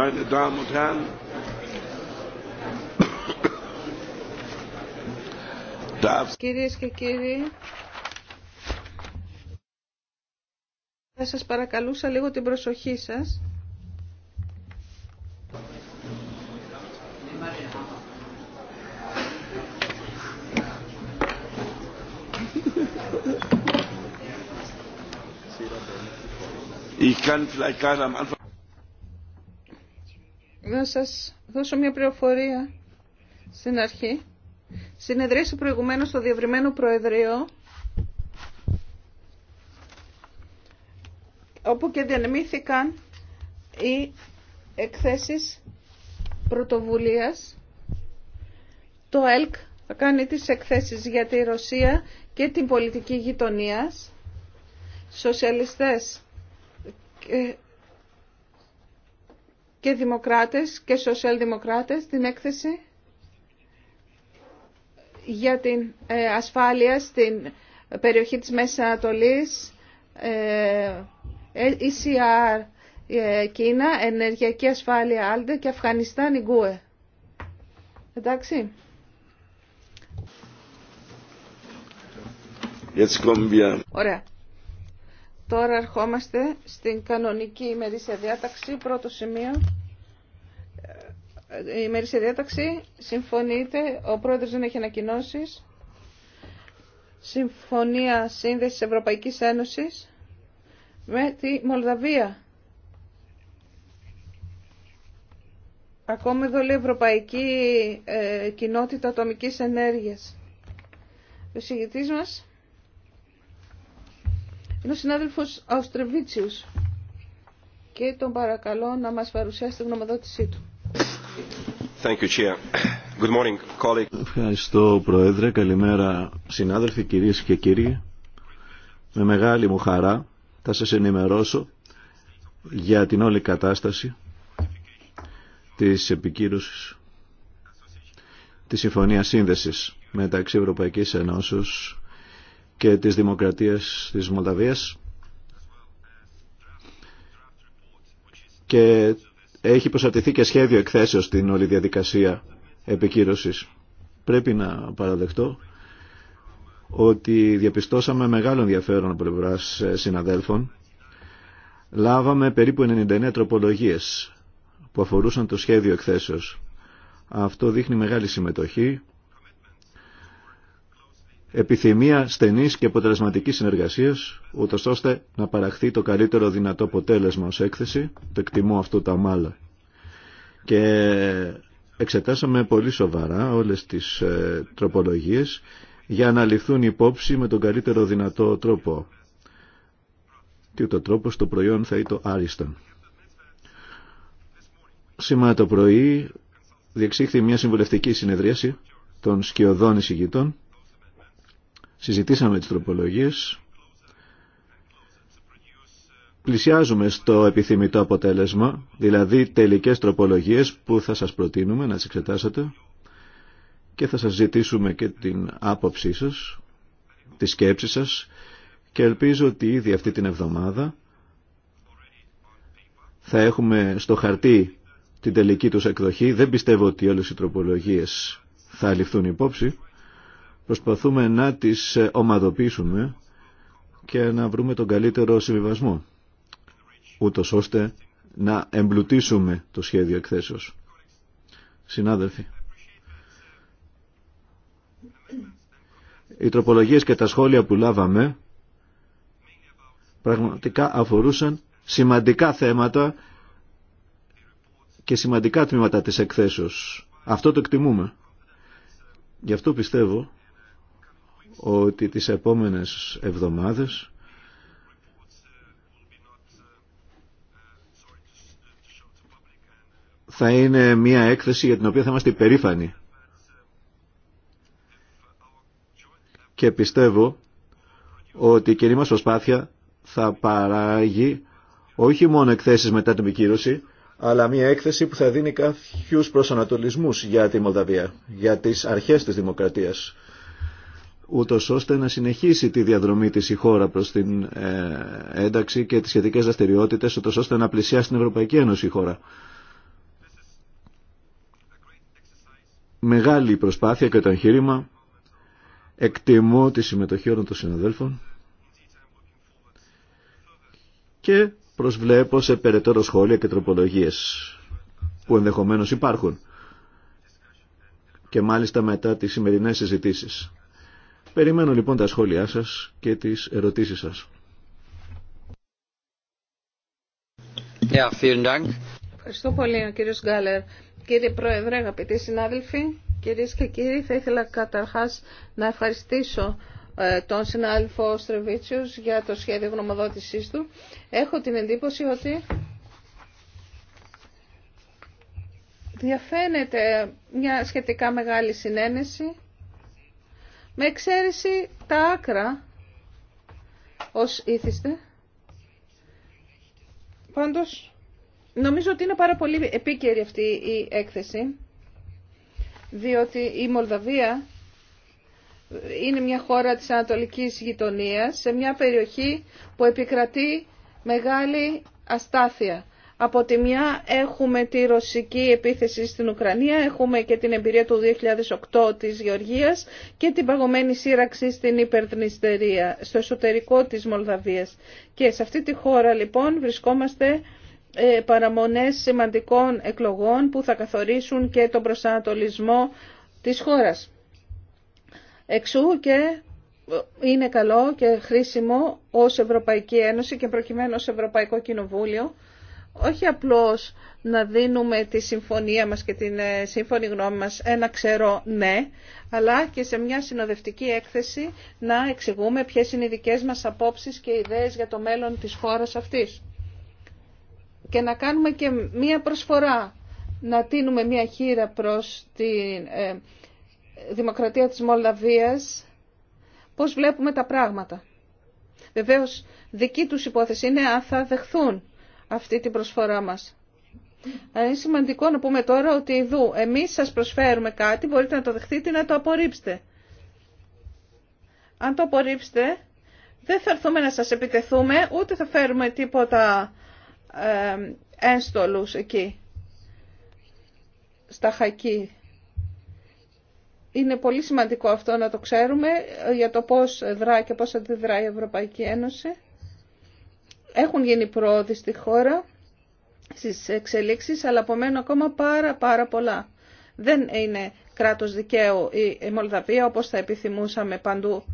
Meine Damen und Herren, darf Κυρίες και κύριοι, θα σας παρακαλούσα λίγο την προσοχή σας. Ich kann vielleicht gerade am Anfang σας δώσω μια πληροφορία στην αρχή. Συνεδρίασε προηγουμένως στο διευρυμένο Προεδρείο όπου και διανεμήθηκαν οι εκθέσεις πρωτοβουλίας. Το ΕΛΚ θα κάνει τις εκθέσεις για τη Ρωσία και την πολιτική γειτονίας. Σοσιαλιστές και δημοκράτες και σοσιαλδημοκράτες την έκθεση για την ε, ασφάλεια στην περιοχή της Μέσης Ανατολής, ECR ε, ε Κίνα, ενεργειακή ασφάλεια Άλντε και Αφγανιστάν Ιγκούε. Εντάξει. Ωραία. Τώρα ερχόμαστε στην κανονική ημερήσια διάταξη, πρώτο σημείο. Ε, η ημερήσια διάταξη συμφωνείται, ο πρόεδρος δεν έχει ανακοινώσει. Συμφωνία Σύνδεσης Ευρωπαϊκής Ένωσης με τη Μολδαβία. Ακόμα εδώ λέει Ευρωπαϊκή ε, Κοινότητα Ατομικής Ενέργειας. Ο συγητής μας είναι ο συνάδελφος και τον παρακαλώ να μας παρουσιάσει τη γνωμοδότησή του. Thank you, Chair. Good morning, colleague. Ευχαριστώ Πρόεδρε, καλημέρα συνάδελφοι, κυρίες και κύριοι. Με μεγάλη μου χαρά θα σας ενημερώσω για την όλη κατάσταση της επικύρωσης της Συμφωνίας Σύνδεσης μεταξύ Ευρωπαϊκής Ενώσεως και της Δημοκρατίας της Μολδαβίας και έχει προσαρτηθεί και σχέδιο εκθέσεως στην όλη διαδικασία επικύρωσης. Πρέπει να παραδεχτώ ότι διαπιστώσαμε μεγάλο ενδιαφέρον από πλευρά συναδέλφων. Λάβαμε περίπου 99 τροπολογίες που αφορούσαν το σχέδιο εκθέσεως. Αυτό δείχνει μεγάλη συμμετοχή επιθυμία στενής και αποτελεσματικής συνεργασίας, ούτως ώστε να παραχθεί το καλύτερο δυνατό αποτέλεσμα ως έκθεση, το εκτιμώ αυτό τα μάλλα. Και εξετάσαμε πολύ σοβαρά όλες τις ε, τροπολογίες για να ληφθούν υπόψη με τον καλύτερο δυνατό τρόπο. Τι το τρόπο το προϊόν θα είναι το άριστον. Σήμερα το πρωί διεξήχθη μια συμβουλευτική συνεδρίαση των σκιωδών εισηγητών συζητήσαμε τις τροπολογίες. Πλησιάζουμε στο επιθυμητό αποτέλεσμα, δηλαδή τελικές τροπολογίες που θα σας προτείνουμε να τις εξετάσετε και θα σας ζητήσουμε και την άποψή σας, τη σκέψη σας και ελπίζω ότι ήδη αυτή την εβδομάδα θα έχουμε στο χαρτί την τελική τους εκδοχή. Δεν πιστεύω ότι όλες οι τροπολογίες θα ληφθούν υπόψη. Προσπαθούμε να τις ε, ομαδοποιήσουμε και να βρούμε τον καλύτερο συμβιβασμό, ούτω ώστε να εμπλουτίσουμε το σχέδιο εκθέσεως. Συνάδελφοι, οι τροπολογίες και τα σχόλια που λάβαμε πραγματικά αφορούσαν σημαντικά θέματα και σημαντικά τμήματα της εκθέσεως. Αυτό το εκτιμούμε. Γι' αυτό πιστεύω ότι τις επόμενες εβδομάδες θα είναι μια έκθεση για την οποία θα είμαστε υπερήφανοι. Και πιστεύω ότι η κοινή μας προσπάθεια θα παράγει όχι μόνο εκθέσεις μετά την επικύρωση, αλλά μια έκθεση που θα δίνει κάποιους προσανατολισμούς για τη Μολδαβία, για τις αρχές της δημοκρατίας ούτως ώστε να συνεχίσει τη διαδρομή της η χώρα προς την ε, ένταξη και τις σχετικές δραστηριότητες, ούτως ώστε να πλησιάσει την Ευρωπαϊκή Ένωση η χώρα. Μεγάλη προσπάθεια και το εγχείρημα. Εκτιμώ τη συμμετοχή όλων των συναδέλφων και προσβλέπω σε περαιτέρω σχόλια και τροπολογίες που ενδεχομένως υπάρχουν και μάλιστα μετά τις σημερινές συζητήσεις. Περιμένω λοιπόν τα σχόλιά σας και τις ερωτήσεις σας. Ja, vielen Dank. Ευχαριστώ πολύ ο κύριος Γκάλερ. Κύριε Πρόεδρε, αγαπητοί συνάδελφοι, κυρίες και κύριοι, θα ήθελα καταρχάς να ευχαριστήσω ε, τον συνάδελφο Στρεβίτσιος για το σχέδιο γνωμοδότησής του. Έχω την εντύπωση ότι διαφαίνεται μια σχετικά μεγάλη συνένεση με εξαίρεση τα άκρα ως ήθιστε. Πάντως, νομίζω ότι είναι πάρα πολύ επίκαιρη αυτή η έκθεση, διότι η Μολδαβία είναι μια χώρα της Ανατολικής Γειτονίας, σε μια περιοχή που επικρατεί μεγάλη αστάθεια. Από τη μια έχουμε τη ρωσική επίθεση στην Ουκρανία, έχουμε και την εμπειρία του 2008 της Γεωργίας και την παγωμένη σύραξη στην υπερδνηστερία, στο εσωτερικό της Μολδαβίας. Και σε αυτή τη χώρα λοιπόν βρισκόμαστε ε, παραμονές σημαντικών εκλογών που θα καθορίσουν και τον προσανατολισμό της χώρας. Εξού και ε, είναι καλό και χρήσιμο ως Ευρωπαϊκή Ένωση και προκειμένου ως Ευρωπαϊκό Κοινοβούλιο όχι απλώς να δίνουμε τη συμφωνία μας και την ε, σύμφωνη γνώμη μας ένα ξέρω ναι, αλλά και σε μια συνοδευτική έκθεση να εξηγούμε ποιες είναι οι δικές μας απόψεις και ιδέες για το μέλλον της χώρας αυτής. Και να κάνουμε και μια προσφορά, να τίνουμε μια χείρα προς τη ε, δημοκρατία της Μολδαβίας, πώς βλέπουμε τα πράγματα. Βεβαίως, δική τους υπόθεση είναι αν θα δεχθούν αυτή την προσφορά μας. Ε, είναι σημαντικό να πούμε τώρα ότι εδώ εμείς σας προσφέρουμε κάτι, μπορείτε να το δεχτείτε ή να το απορρίψετε. Αν το απορρίψετε, δεν θα έρθουμε να σας επιτεθούμε, ούτε θα φέρουμε τίποτα ε, ένστολους εκεί, στα χακί. Είναι πολύ σημαντικό αυτό να το ξέρουμε ε, για το πώς δρά και πώς αντιδρά η Ευρωπαϊκή Ένωση. Έχουν γίνει πρόοδοι στη χώρα στις εξελίξεις, αλλά απομένουν ακόμα πάρα πάρα πολλά. Δεν είναι κράτος δικαίου η Μολδαβία όπως θα επιθυμούσαμε παντού.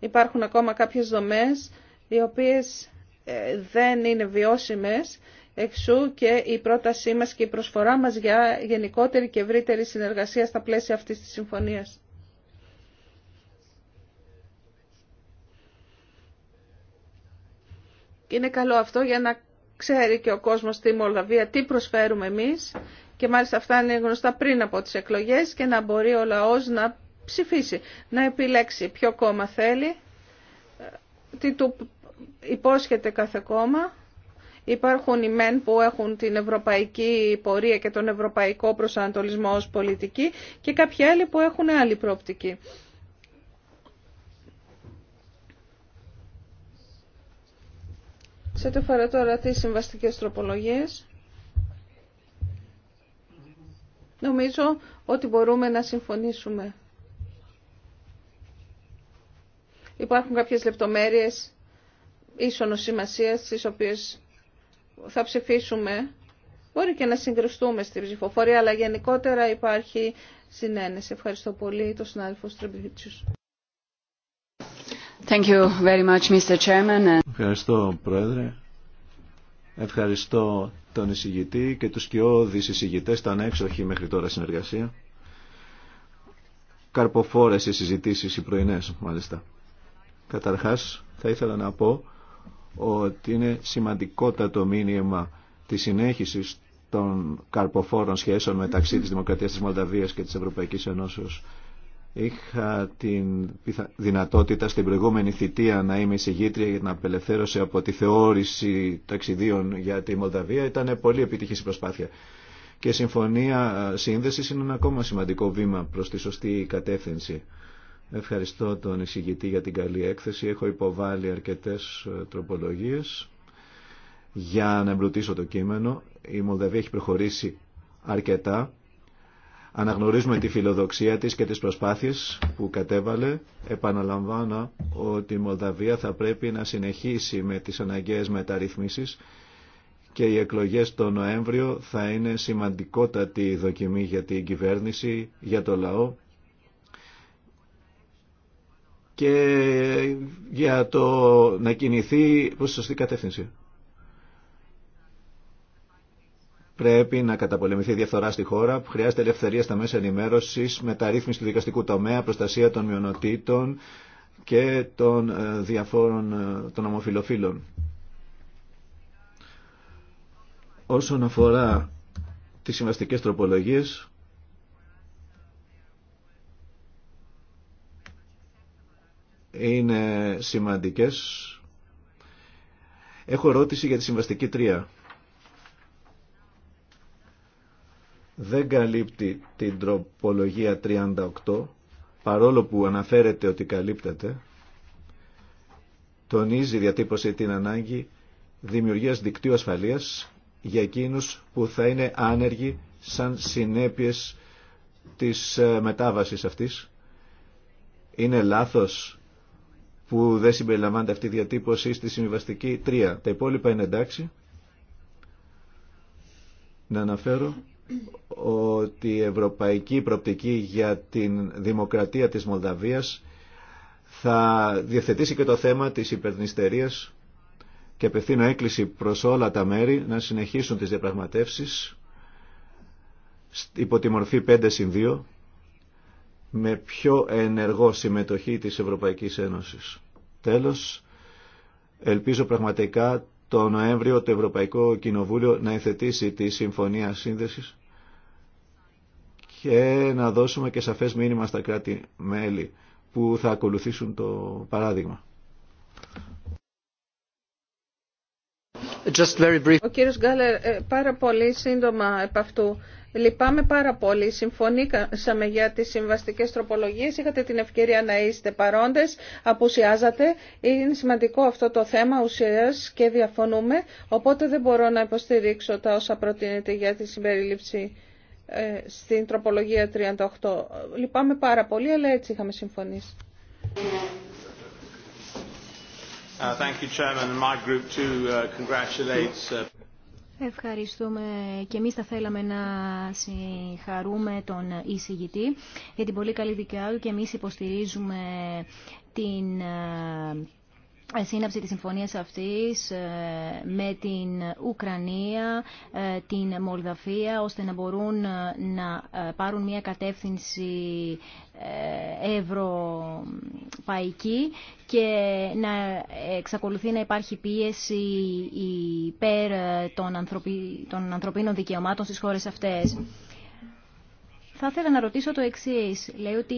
Υπάρχουν ακόμα κάποιες δομές οι οποίες ε, δεν είναι βιώσιμες εξού και η πρότασή μας και η προσφορά μας για γενικότερη και ευρύτερη συνεργασία στα πλαίσια αυτής της συμφωνίας. Είναι καλό αυτό για να ξέρει και ο κόσμος στη Μολδαβία τι προσφέρουμε εμείς και μάλιστα αυτά είναι γνωστά πριν από τις εκλογές και να μπορεί ο λαός να ψηφίσει, να επιλέξει ποιο κόμμα θέλει, τι του υπόσχεται κάθε κόμμα. Υπάρχουν οι μεν που έχουν την ευρωπαϊκή πορεία και τον ευρωπαϊκό προσανατολισμό ως πολιτική και κάποιοι άλλοι που έχουν άλλη προοπτική. Σε το φορά τώρα τις συμβαστικές τροπολογίες, νομίζω ότι μπορούμε να συμφωνήσουμε. Υπάρχουν κάποιες λεπτομέρειες ίσονο σημασία, τις οποίες θα ψηφίσουμε. Μπορεί και να συγκριστούμε στη ψηφοφορία, αλλά γενικότερα υπάρχει συνένεση. Ευχαριστώ πολύ τον συνάδελφο Στρεμπιβίτσιους. Ευχαριστώ, Πρόεδρε. Ευχαριστώ τον εισηγητή και τους κοιόδης εισηγητές. Ήταν έξοχη μέχρι τώρα συνεργασία. Καρποφόρες οι συζητήσεις οι πρωινές, μάλιστα. Καταρχάς, θα ήθελα να πω ότι είναι σημαντικότατο μήνυμα τη συνέχιση των καρποφόρων σχέσεων μεταξύ της Δημοκρατίας της Μολδαβίας και της Ευρωπαϊκής Ενώσεως Είχα την δυνατότητα στην προηγούμενη θητεία να είμαι εισηγήτρια για την απελευθέρωση από τη θεώρηση ταξιδίων για τη Μολδαβία. Ήταν πολύ επιτυχής η προσπάθεια. Και η συμφωνία σύνδεσης είναι ένα ακόμα σημαντικό βήμα προς τη σωστή κατεύθυνση. Ευχαριστώ τον εισηγητή για την καλή έκθεση. Έχω υποβάλει αρκετές τροπολογίες για να εμπλουτίσω το κείμενο. Η Μολδαβία έχει προχωρήσει αρκετά Αναγνωρίζουμε τη φιλοδοξία της και τις προσπάθειες που κατέβαλε. Επαναλαμβάνω ότι η Μολδαβία θα πρέπει να συνεχίσει με τις αναγκαίες μεταρρυθμίσεις και οι εκλογές το Νοέμβριο θα είναι σημαντικότατη δοκιμή για την κυβέρνηση, για το λαό και για το να κινηθεί προς σωστή κατεύθυνση. Πρέπει να καταπολεμηθεί η διαφθορά στη χώρα, χρειάζεται ελευθερία στα μέσα ενημέρωση, μεταρρύθμιση του δικαστικού τομέα, προστασία των μειονοτήτων και των ε, διαφόρων ε, των ομοφιλοφίλων. Όσον αφορά τις συμβαστικές τροπολογίες, είναι σημαντικές. Έχω ερώτηση για τη συμβαστική τρία. δεν καλύπτει την τροπολογία 38 παρόλο που αναφέρεται ότι καλύπτεται τονίζει η διατύπωση την ανάγκη δημιουργίας δικτύου ασφαλείας για εκείνους που θα είναι άνεργοι σαν συνέπειες της ε, μετάβασης αυτής. Είναι λάθος που δεν συμπεριλαμβάνεται αυτή η διατύπωση στη συμβιβαστική 3. Τα υπόλοιπα είναι εντάξει. Να αναφέρω ότι η ευρωπαϊκή προπτική για την δημοκρατία της Μολδαβίας θα διευθετήσει και το θέμα της υπερνηστερίας και απευθύνω έκκληση προς όλα τα μέρη να συνεχίσουν τις διαπραγματεύσεις υπό τη μορφή 5 2 με πιο ενεργό συμμετοχή της Ευρωπαϊκής Ένωσης. Τέλος, ελπίζω πραγματικά το Νοέμβριο το Ευρωπαϊκό Κοινοβούλιο να εθετήσει τη Συμφωνία Σύνδεσης και να δώσουμε και σαφές μήνυμα στα κράτη-μέλη που θα ακολουθήσουν το παράδειγμα. Just very brief. Ο κύριος Γκάλερ, ε, πάρα πολύ σύντομα επ' αυτού. Λυπάμαι πάρα πολύ. Συμφωνήσαμε για τις συμβαστικές τροπολογίες. Είχατε την ευκαιρία να είστε παρόντες. Αποουσιάζατε. Είναι σημαντικό αυτό το θέμα ουσίας και διαφωνούμε. Οπότε δεν μπορώ να υποστηρίξω τα όσα προτείνετε για τη συμπερίληψη ε, στην τροπολογία 38. Λυπάμαι πάρα πολύ, αλλά έτσι είχαμε συμφωνήσει. Uh, uh, uh, Ευχαριστούμε και εμείς θα θέλαμε να συγχαρούμε τον εισηγητή για την πολύ καλή δικιά και εμείς υποστηρίζουμε την ε, σύναψη της συμφωνίας αυτής ε, με την Ουκρανία, ε, την Μολδαφία, ώστε να μπορούν ε, να πάρουν μια κατεύθυνση ευρωπαϊκή και να εξακολουθεί να υπάρχει πίεση υπέρ των ανθρωπίνων δικαιωμάτων στις χώρες αυτές. Θα ήθελα να ρωτήσω το εξή. Λέει ότι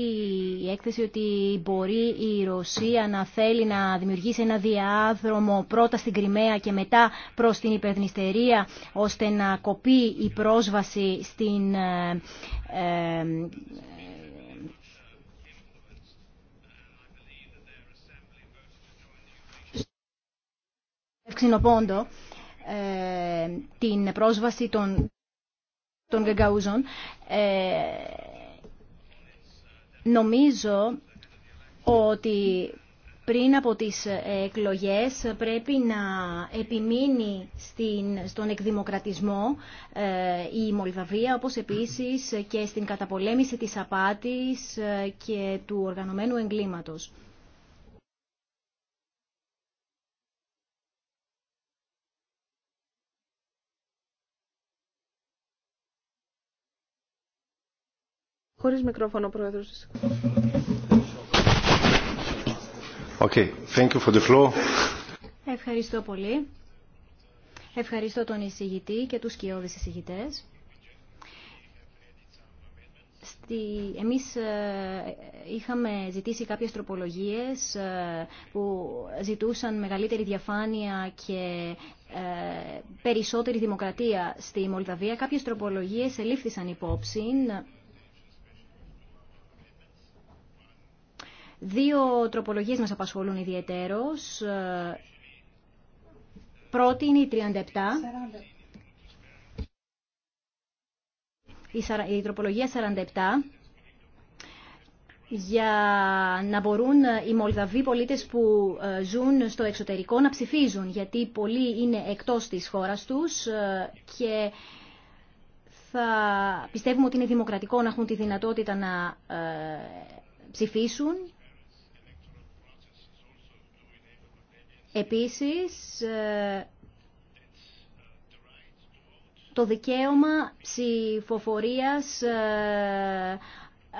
η έκθεση ότι μπορεί η Ρωσία να θέλει να δημιουργήσει ένα διάδρομο πρώτα στην Κρυμαία και μετά προ την υπερδνηστερία ώστε να κοπεί η πρόσβαση στην. Ε, ε, ε την πρόσβαση των των Γεγκαούζων. Ε, νομίζω ότι πριν από τις ε, εκλογές πρέπει να επιμείνει στην, στον εκδημοκρατισμό ε, η Μολδαβία, όπως επίσης και στην καταπολέμηση της απάτης και του οργανωμένου εγκλήματος. Χωρίς μικρόφωνο, Πρόεδρος. Okay. Thank Ευχαριστώ πολύ. Ευχαριστώ τον εισηγητή και τους κοιόδης εισηγητές. Στη... Εμείς ε, είχαμε ζητήσει κάποιες τροπολογίες ε, που ζητούσαν μεγαλύτερη διαφάνεια και ε, περισσότερη δημοκρατία στη Μολδαβία. Κάποιες τροπολογίες ελήφθησαν υπόψη Δύο τροπολογίες μας απασχολούν ιδιαιτέρως. Πρώτη είναι η 37. Η τροπολογία 47 για να μπορούν οι Μολδαβοί πολίτες που ε, ζουν στο εξωτερικό να ψηφίζουν, γιατί πολλοί είναι εκτός της χώρας τους ε, και θα πιστεύουμε ότι είναι δημοκρατικό να έχουν τη δυνατότητα να ε, ψηφίσουν Επίσης, ε, το δικαίωμα ψηφοφορίας ε,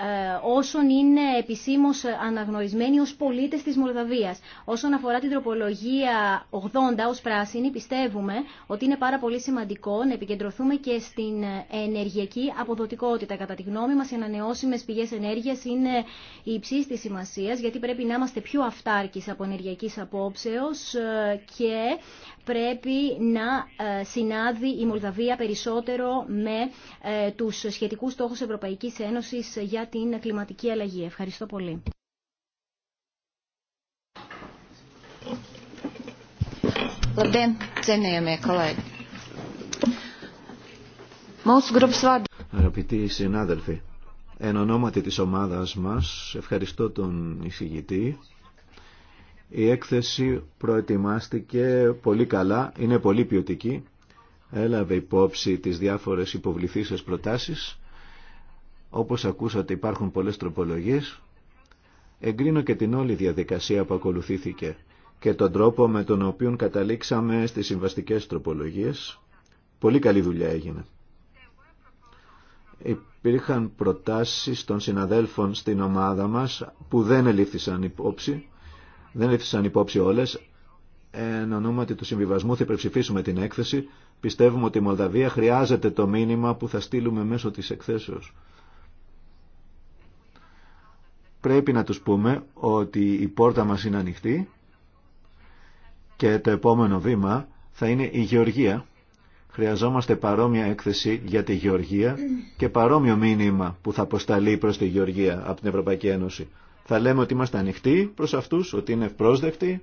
ε, όσων είναι επισήμως αναγνωρισμένοι ως πολίτες της Μολδαβίας. Όσον αφορά την τροπολογία 80 ως πράσινη, πιστεύουμε ότι είναι πάρα πολύ σημαντικό να επικεντρωθούμε και στην ενεργειακή αποδοτικότητα. Κατά τη γνώμη μας, οι ανανεώσιμες πηγές ενέργειας είναι υψή τη σημασίας, γιατί πρέπει να είμαστε πιο αυτάρκεις από ενεργειακή απόψεως ε, και πρέπει να ε, συνάδει η Μολδαβία περισσότερο με τους σχετικούς στόχους Ευρωπαϊκής Ένωσης την κλιματική αλλαγή. Ευχαριστώ πολύ. Αγαπητοί συνάδελφοι, εν ονόματι της ομάδας μας ευχαριστώ τον εισηγητή. Η έκθεση προετοιμάστηκε πολύ καλά, είναι πολύ ποιοτική. Έλαβε υπόψη τις διάφορες υποβληθήσεις προτάσεις όπως ακούσατε υπάρχουν πολλές τροπολογίες. Εγκρίνω και την όλη διαδικασία που ακολουθήθηκε και τον τρόπο με τον οποίο καταλήξαμε στις συμβαστικές τροπολογίες. Πολύ καλή δουλειά έγινε. Υπήρχαν προτάσεις των συναδέλφων στην ομάδα μας που δεν ελήφθησαν υπόψη. Δεν ελήφθησαν υπόψη όλες. Εν ονόματι του συμβιβασμού θα υπερψηφίσουμε την έκθεση. Πιστεύουμε ότι η Μολδαβία χρειάζεται το μήνυμα που θα στείλουμε μέσω της εκθέσεως πρέπει να τους πούμε ότι η πόρτα μας είναι ανοιχτή και το επόμενο βήμα θα είναι η γεωργία. Χρειαζόμαστε παρόμοια έκθεση για τη γεωργία και παρόμοιο μήνυμα που θα αποσταλεί προς τη γεωργία από την Ευρωπαϊκή Ένωση. Θα λέμε ότι είμαστε ανοιχτοί προς αυτούς, ότι είναι πρόσδεκτοι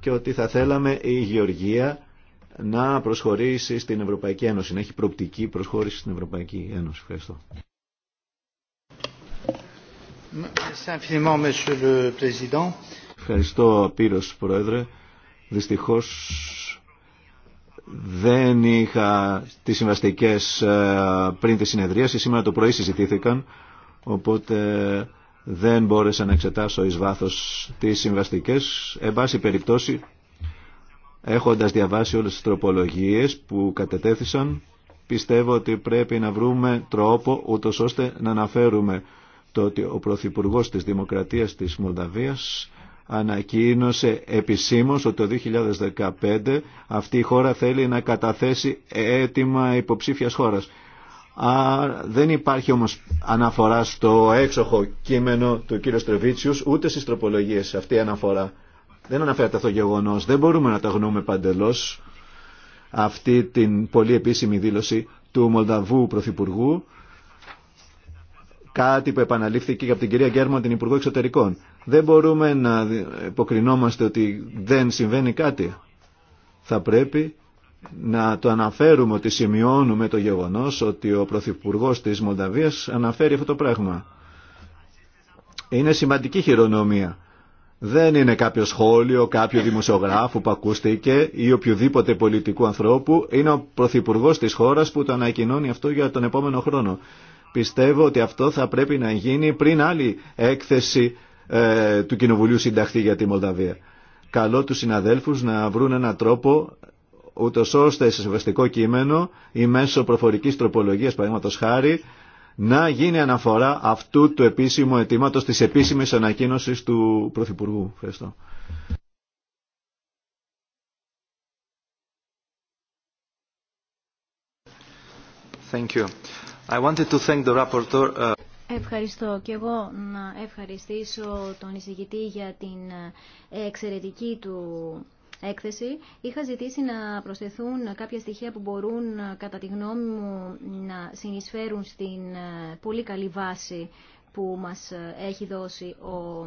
και ότι θα θέλαμε η γεωργία να προσχωρήσει στην Ευρωπαϊκή Ένωση, να έχει προοπτική προσχώρηση στην Ευρωπαϊκή Ένωση. Ευχαριστώ. Ευχαριστώ πύρος Πρόεδρε. Δυστυχώς δεν είχα τις συμβαστικές ε, πριν τη συνεδρίαση. Σήμερα το πρωί συζητήθηκαν, οπότε δεν μπόρεσα να εξετάσω εις βάθος τις συμβαστικές. Εν πάση περιπτώσει, έχοντας διαβάσει όλες τις τροπολογίες που κατετέθησαν, πιστεύω ότι πρέπει να βρούμε τρόπο ούτως ώστε να αναφέρουμε το ότι ο Πρωθυπουργό της Δημοκρατίας της Μολδαβίας ανακοίνωσε επισήμως ότι το 2015 αυτή η χώρα θέλει να καταθέσει έτοιμα υποψήφιας χώρας. Α, δεν υπάρχει όμως αναφορά στο έξοχο κείμενο του κ. Στρεβίτσιους ούτε στις τροπολογίες αυτή η αναφορά. Δεν αναφέρεται αυτό γεγονός. Δεν μπορούμε να τα γνώμε παντελώς αυτή την πολύ επίσημη δήλωση του Μολδαβού Πρωθυπουργού Κάτι που επαναλήφθηκε και από την κυρία Γκέρμαν, την Υπουργό Εξωτερικών. Δεν μπορούμε να υποκρινόμαστε ότι δεν συμβαίνει κάτι. Θα πρέπει να το αναφέρουμε ότι σημειώνουμε το γεγονός ότι ο Πρωθυπουργό της Μολδαβίας αναφέρει αυτό το πράγμα. Είναι σημαντική χειρονομία. Δεν είναι κάποιο σχόλιο, κάποιο δημοσιογράφου που ακούστηκε ή οποιοδήποτε πολιτικού ανθρώπου. Είναι ο Πρωθυπουργό της χώρας που το ανακοινώνει αυτό για τον επόμενο χρόνο. Πιστεύω ότι αυτό θα πρέπει να γίνει πριν άλλη έκθεση ε, του Κοινοβουλίου συνταχθεί για τη Μολδαβία. Καλό τους συναδέλφους να βρουν έναν τρόπο ούτω ώστε σε συμβαστικό κείμενο ή μέσω προφορικής τροπολογίας παραδείγματος χάρη να γίνει αναφορά αυτού του επίσημου αιτήματος της επίσημης ανακοίνωσης του Πρωθυπουργού. Ευχαριστώ. Thank you. I uh, Ευχαριστώ και εγώ να ευχαριστήσω τον εισηγητή για την ε, εξαιρετική του έκθεση. Είχα ζητήσει να προσθεθούν κάποια στοιχεία που μπορούν κατά τη γνώμη μου να συνεισφέρουν στην ε, πολύ καλή βάση που μας ε, έχει δώσει ο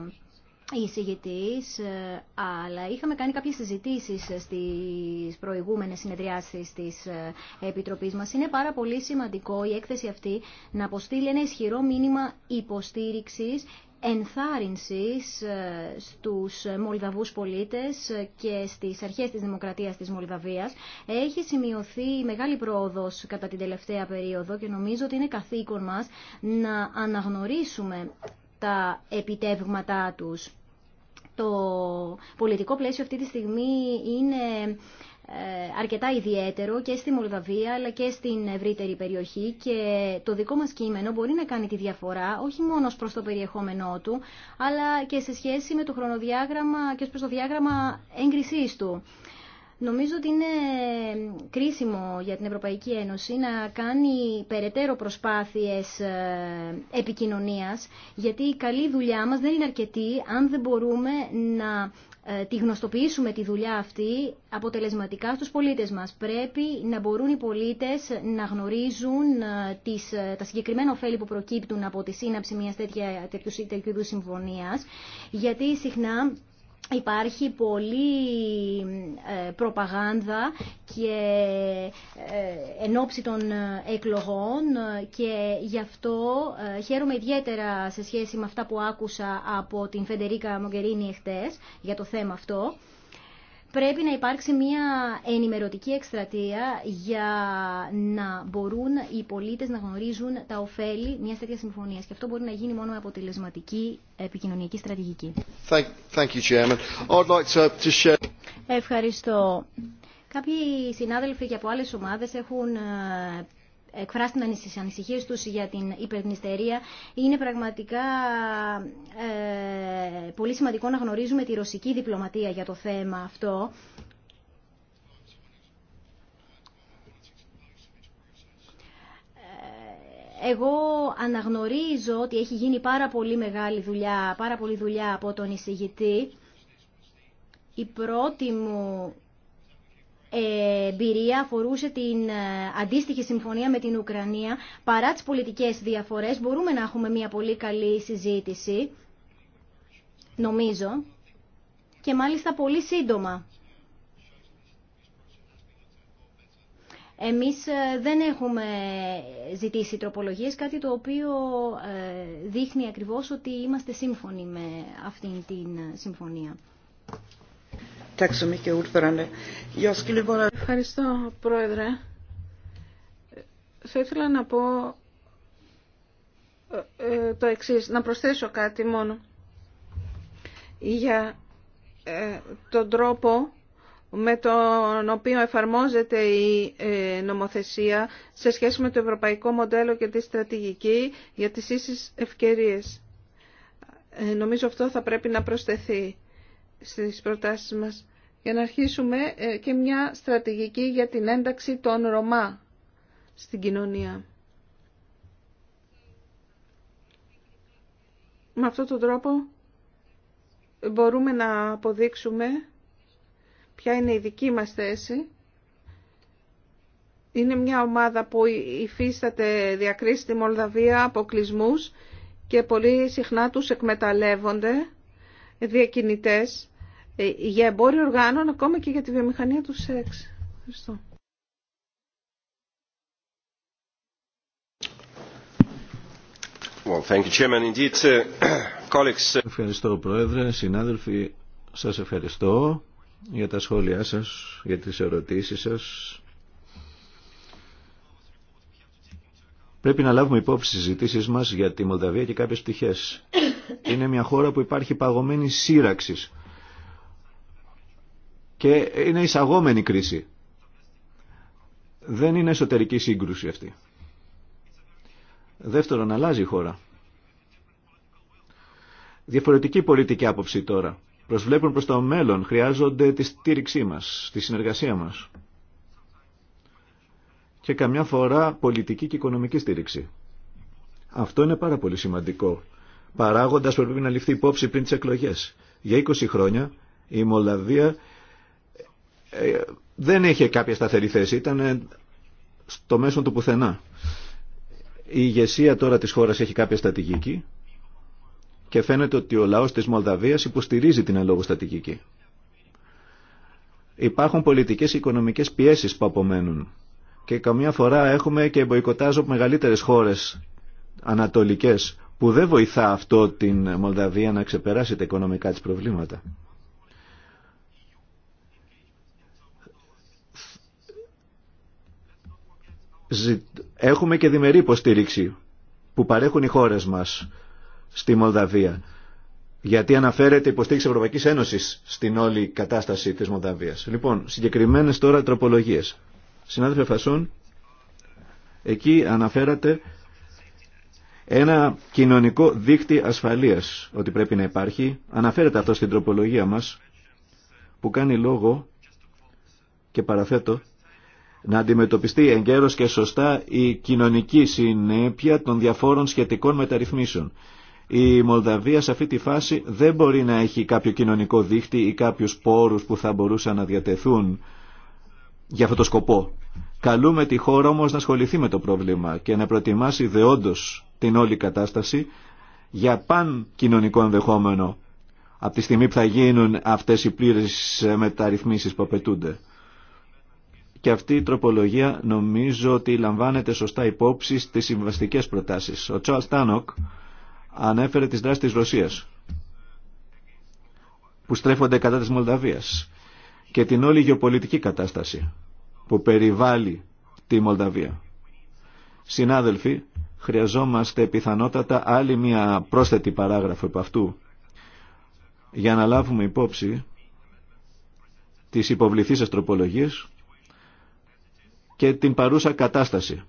ε, αλλά είχαμε κάνει κάποιες συζητήσει ε, στις προηγούμενες συνεδριάσεις της ε, Επιτροπής μας. Είναι πάρα πολύ σημαντικό η έκθεση αυτή να αποστείλει ένα ισχυρό μήνυμα υποστήριξης ενθάρρυνσης στους Μολδαβούς πολίτες και στις αρχές της δημοκρατίας της Μολδαβίας. Έχει σημειωθεί μεγάλη πρόοδος κατά την τελευταία περίοδο και νομίζω ότι είναι καθήκον μας να αναγνωρίσουμε τα επιτεύγματά τους το πολιτικό πλαίσιο αυτή τη στιγμή είναι ε, αρκετά ιδιαίτερο και στη Μολδαβία αλλά και στην ευρύτερη περιοχή και το δικό μας κείμενο μπορεί να κάνει τη διαφορά όχι μόνο προς το περιεχόμενό του αλλά και σε σχέση με το χρονοδιάγραμμα και προς το διάγραμμα έγκρισής του. Νομίζω ότι είναι κρίσιμο για την Ευρωπαϊκή Ένωση να κάνει περαιτέρω προσπάθειες ε, επικοινωνίας, γιατί η καλή δουλειά μας δεν είναι αρκετή αν δεν μπορούμε να ε, τη γνωστοποιήσουμε τη δουλειά αυτή αποτελεσματικά στους πολίτες μας. Πρέπει να μπορούν οι πολίτες να γνωρίζουν ε, τις, τα συγκεκριμένα ωφέλη που προκύπτουν από τη σύναψη μιας τέτοιου τέτοιου συμφωνίας, γιατί συχνά Υπάρχει πολλή ε, προπαγάνδα και ε, ενόψη των ε, εκλογών και γι' αυτό χαίρομαι ιδιαίτερα σε σχέση με αυτά που άκουσα από την Φεντερίκα Μογκερίνη εχθές για το θέμα αυτό πρέπει να υπάρξει μια ενημερωτική εκστρατεία για να μπορούν οι πολίτες να γνωρίζουν τα ωφέλη μιας τέτοιας συμφωνίας. Και αυτό μπορεί να γίνει μόνο με αποτελεσματική επικοινωνιακή στρατηγική. Thank you, like to share... Ευχαριστώ. Κάποιοι συνάδελφοι και από άλλες ομάδες έχουν ε, Εκφράστηκαν στι ανησυχίε του για την υπερνηστερία. Είναι πραγματικά ε, πολύ σημαντικό να γνωρίζουμε τη ρωσική διπλωματία για το θέμα αυτό. Ε, εγώ αναγνωρίζω ότι έχει γίνει πάρα πολύ μεγάλη δουλειά, πάρα πολύ δουλειά από τον εισηγητή. Η πρώτη μου εμπειρία αφορούσε την ε, αντίστοιχη συμφωνία με την Ουκρανία. Παρά τις πολιτικές διαφορές μπορούμε να έχουμε μια πολύ καλή συζήτηση, νομίζω, και μάλιστα πολύ σύντομα. Εμείς ε, δεν έχουμε ζητήσει τροπολογίες, κάτι το οποίο ε, δείχνει ακριβώς ότι είμαστε σύμφωνοι με αυτήν την συμφωνία. Ευχαριστώ, Πρόεδρε. Θα ήθελα να πω ε, ε, το εξής, να προσθέσω κάτι μόνο για ε, τον τρόπο με τον οποίο εφαρμόζεται η νομοθεσία σε σχέση με το ευρωπαϊκό μοντέλο και τη στρατηγική για τις ίσες ευκαιρίες. Νομίζω αυτό θα πρέπει να προσθεθεί στις προτάσεις μας για να αρχίσουμε ε, και μια στρατηγική για την ένταξη των Ρωμά στην κοινωνία. Με αυτόν τον τρόπο μπορούμε να αποδείξουμε ποια είναι η δική μας θέση. Είναι μια ομάδα που υφίσταται διακρίσει στη Μολδαβία, κλεισμούς και πολύ συχνά τους εκμεταλλεύονται διακινητές ε, για εμπόριο οργάνων, ακόμα και για τη βιομηχανία του σεξ. Ευχαριστώ. Well, uh, uh, Ευχαριστώ, Πρόεδρε. Συνάδελφοι, σας ευχαριστώ για τα σχόλιά σας, για τις ερωτήσεις σας. Πρέπει να λάβουμε υπόψη στις συζητήσεις μας για τη Μολδαβία και κάποιες πτυχές. Είναι μια χώρα που υπάρχει παγωμένη σύραξης και είναι εισαγόμενη κρίση. Δεν είναι εσωτερική σύγκρουση αυτή. Δεύτερον, αλλάζει η χώρα. Διαφορετική πολιτική άποψη τώρα. Προσβλέπουν προς το μέλλον, χρειάζονται τη στήριξή μας, τη συνεργασία μας. Και καμιά φορά πολιτική και οικονομική στήριξη. Αυτό είναι πάρα πολύ σημαντικό. Παράγοντας πρέπει να ληφθεί υπόψη πριν τις εκλογές. Για 20 χρόνια η Μολδαβία ε, δεν είχε κάποια σταθερή θέση, ήταν ε, στο μέσο του πουθενά. Η ηγεσία τώρα της χώρας έχει κάποια στατηγική και φαίνεται ότι ο λαός της Μολδαβίας υποστηρίζει την αλόγω στατηγική. Υπάρχουν πολιτικές και οικονομικές πιέσεις που απομένουν και καμιά φορά έχουμε και μποϊκοτάζω μεγαλύτερες χώρες ανατολικές που δεν βοηθά αυτό την Μολδαβία να ξεπεράσει τα οικονομικά της προβλήματα. Έχουμε και διμερή υποστήριξη που παρέχουν οι χώρες μας στη Μολδαβία. Γιατί αναφέρεται υποστήριξη Ευρωπαϊκής Ένωσης στην όλη κατάσταση της Μολδαβίας. Λοιπόν, συγκεκριμένες τώρα τροπολογίες. Συνάδελφε Φασούν, εκεί αναφέρατε ένα κοινωνικό δίκτυ ασφαλείας ότι πρέπει να υπάρχει. Αναφέρεται αυτό στην τροπολογία μας που κάνει λόγο και παραθέτω να αντιμετωπιστεί εγκαίρως και σωστά η κοινωνική συνέπεια των διαφόρων σχετικών μεταρρυθμίσεων. Η Μολδαβία σε αυτή τη φάση δεν μπορεί να έχει κάποιο κοινωνικό δίχτυ ή κάποιους πόρους που θα μπορούσαν να διατεθούν για αυτό το σκοπό. Καλούμε τη χώρα όμως να ασχοληθεί με το πρόβλημα και να προετοιμάσει δεόντως την όλη κατάσταση για παν κοινωνικό ενδεχόμενο από τη στιγμή που θα γίνουν αυτές οι πλήρες μεταρρυθμίσεις που απαιτούνται και αυτή η τροπολογία νομίζω ότι λαμβάνεται σωστά υπόψη στις συμβαστικές προτάσεις. Ο Τσάλ Τάνοκ ανέφερε τις δράσεις της Ρωσίας που στρέφονται κατά της Μολδαβίας και την όλη γεωπολιτική κατάσταση που περιβάλλει τη Μολδαβία. Συνάδελφοι, χρειαζόμαστε πιθανότατα άλλη μια πρόσθετη παράγραφο από αυτού για να λάβουμε υπόψη τις υποβληθείς τροπολογίες και την παρούσα κατάσταση.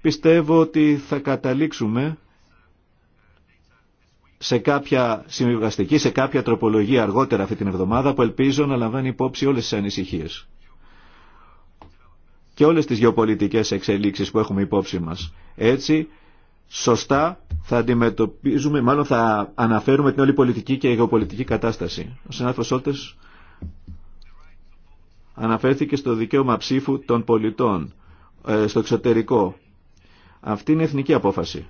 Πιστεύω ότι θα καταλήξουμε σε κάποια συμβιβαστική, σε κάποια τροπολογία αργότερα αυτή την εβδομάδα που ελπίζω να λαμβάνει υπόψη όλες τις ανησυχίες και όλες τις γεωπολιτικές εξελίξεις που έχουμε υπόψη μας. Έτσι, σωστά θα αντιμετωπίζουμε, μάλλον θα αναφέρουμε την όλη πολιτική και γεωπολιτική κατάσταση. Ο συνάδελφος αναφέρθηκε στο δικαίωμα ψήφου των πολιτών ε, στο εξωτερικό. Αυτή είναι εθνική απόφαση.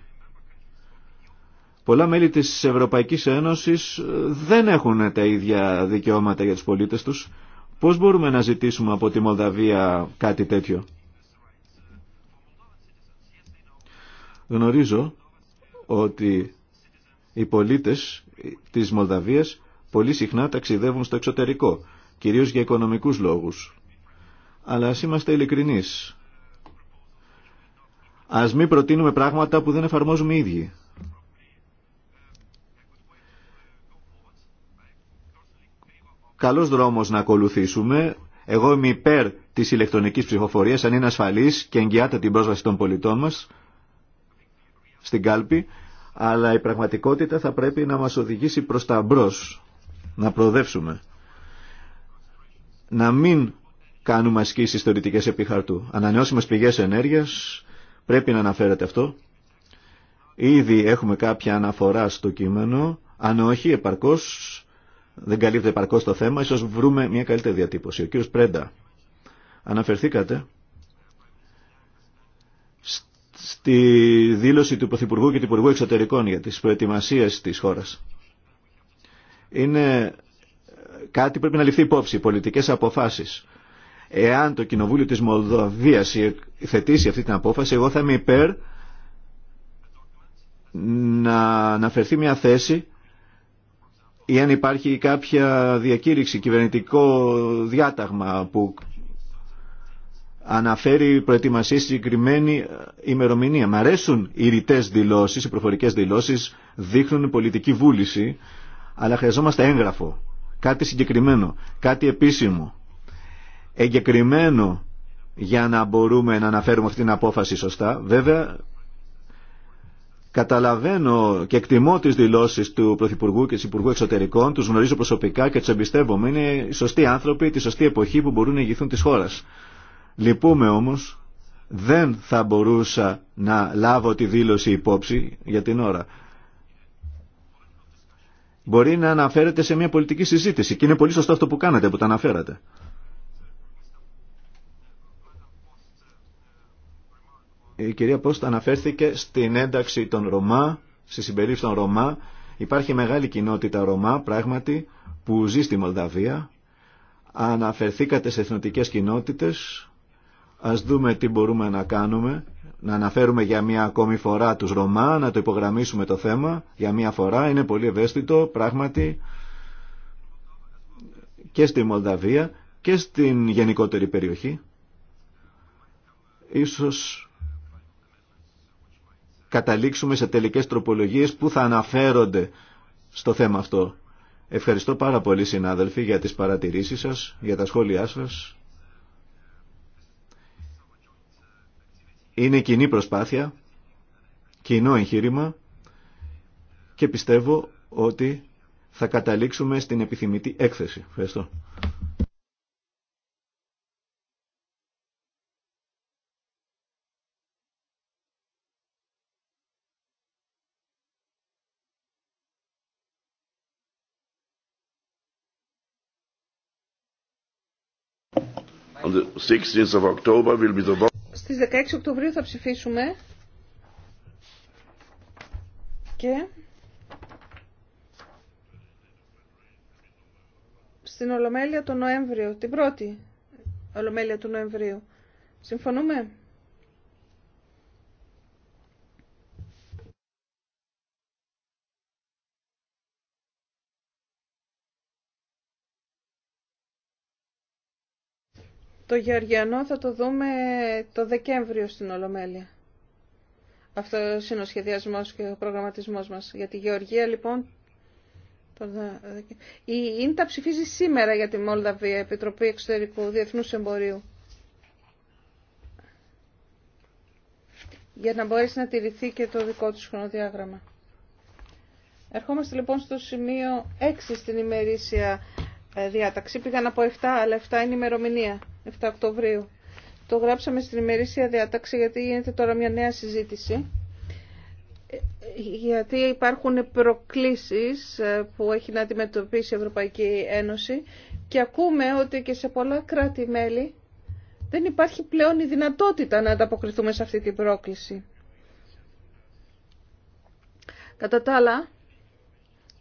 Πολλά μέλη της Ευρωπαϊκής Ένωσης ε, δεν έχουν τα ίδια δικαιώματα για τους πολίτες τους. Πώς μπορούμε να ζητήσουμε από τη Μολδαβία κάτι τέτοιο. Γνωρίζω ότι οι πολίτες της Μολδαβίας πολύ συχνά ταξιδεύουν στο εξωτερικό κυρίως για οικονομικούς λόγους. Αλλά ας είμαστε ειλικρινείς. Ας μην προτείνουμε πράγματα που δεν εφαρμόζουμε οι ίδιοι. Καλός δρόμος να ακολουθήσουμε. Εγώ είμαι υπέρ της ηλεκτρονικής ψηφοφορίας, αν είναι ασφαλής και εγγυάται την πρόσβαση των πολιτών μας στην κάλπη, αλλά η πραγματικότητα θα πρέπει να μας οδηγήσει προς τα μπρος, να προοδεύσουμε να μην κάνουμε ασκήσεις θεωρητικές επί χαρτού. Ανανεώσιμες πηγές ενέργειας, πρέπει να αναφέρεται αυτό. Ήδη έχουμε κάποια αναφορά στο κείμενο, αν όχι επαρκώς, δεν καλύπτει επαρκώς το θέμα, ίσως βρούμε μια καλύτερη διατύπωση. Ο κύριος Πρέντα, αναφερθήκατε στη δήλωση του Πρωθυπουργού και του Υπουργού Εξωτερικών για τις προετοιμασίες της χώρας. Είναι Κάτι πρέπει να ληφθεί υπόψη, πολιτικές αποφάσεις. Εάν το Κοινοβούλιο της Μολδαβίας θετήσει αυτή την απόφαση, εγώ θα είμαι υπέρ να αναφερθεί μια θέση ή αν υπάρχει κάποια διακήρυξη, κυβερνητικό διάταγμα που αναφέρει προετοιμασία συγκεκριμένη ημερομηνία. Μ' αρέσουν οι ρητές δηλώσεις, οι προφορικές δηλώσεις, δείχνουν πολιτική βούληση, αλλά χρειαζόμαστε έγγραφο κάτι συγκεκριμένο, κάτι επίσημο, εγκεκριμένο για να μπορούμε να αναφέρουμε αυτή την απόφαση σωστά. Βέβαια, καταλαβαίνω και εκτιμώ τι δηλώσει του Πρωθυπουργού και της Υπουργού Εξωτερικών, τους γνωρίζω προσωπικά και του εμπιστεύομαι. Είναι οι σωστοί άνθρωποι, τη σωστή εποχή που μπορούν να ηγηθούν της χώρας. Λυπούμε όμω, δεν θα μπορούσα να λάβω τη δήλωση υπόψη για την ώρα μπορεί να αναφέρεται σε μια πολιτική συζήτηση. Και είναι πολύ σωστό αυτό που κάνατε, που τα αναφέρατε. Η κυρία Πόστα αναφέρθηκε στην ένταξη των Ρωμά, στη συμπερίληψη των Ρωμά. Υπάρχει μεγάλη κοινότητα Ρωμά, πράγματι, που ζει στη Μολδαβία. Αναφερθήκατε σε εθνοτικές κοινότητες. Ας δούμε τι μπορούμε να κάνουμε να αναφέρουμε για μία ακόμη φορά τους Ρωμά, να το υπογραμμίσουμε το θέμα για μία φορά. Είναι πολύ ευαίσθητο πράγματι και στη Μολδαβία και στην γενικότερη περιοχή. Ίσως καταλήξουμε σε τελικές τροπολογίες που θα αναφέρονται στο θέμα αυτό. Ευχαριστώ πάρα πολύ συνάδελφοι για τις παρατηρήσεις σας, για τα σχόλιά σας. Είναι κοινή προσπάθεια, κοινό εγχείρημα και πιστεύω ότι θα καταλήξουμε στην επιθυμητή έκθεση. Ευχαριστώ. Στις 16 Οκτωβρίου θα ψηφίσουμε και στην Ολομέλεια τον Νοέμβριο, την πρώτη Ολομέλεια του Νοεμβρίου. Συμφωνούμε. Το Γεωργιανό θα το δούμε το Δεκέμβριο στην Ολομέλεια. Αυτό είναι ο σχεδιασμός και ο προγραμματισμός μας. Για τη Γεωργία λοιπόν... Η ΙΝΤΑ ψηφίζει σήμερα για τη Μολδαβία, Επιτροπή Εξωτερικού Διεθνούς Εμπορίου. Για να μπορέσει να τηρηθεί και το δικό του χρονοδιάγραμμα. Ερχόμαστε λοιπόν στο σημείο 6 στην ημερήσια ε, διάταξη. Πήγα να πω 7, αλλά 7 είναι ημερομηνία, 7 Οκτωβρίου. Το γράψαμε στην ημερήσια διάταξη γιατί γίνεται τώρα μια νέα συζήτηση. Ε, γιατί υπάρχουν προκλήσεις ε, που έχει να αντιμετωπίσει η Ευρωπαϊκή Ένωση και ακούμε ότι και σε πολλά κράτη-μέλη δεν υπάρχει πλέον η δυνατότητα να ανταποκριθούμε σε αυτή την πρόκληση. Κατά τα άλλα,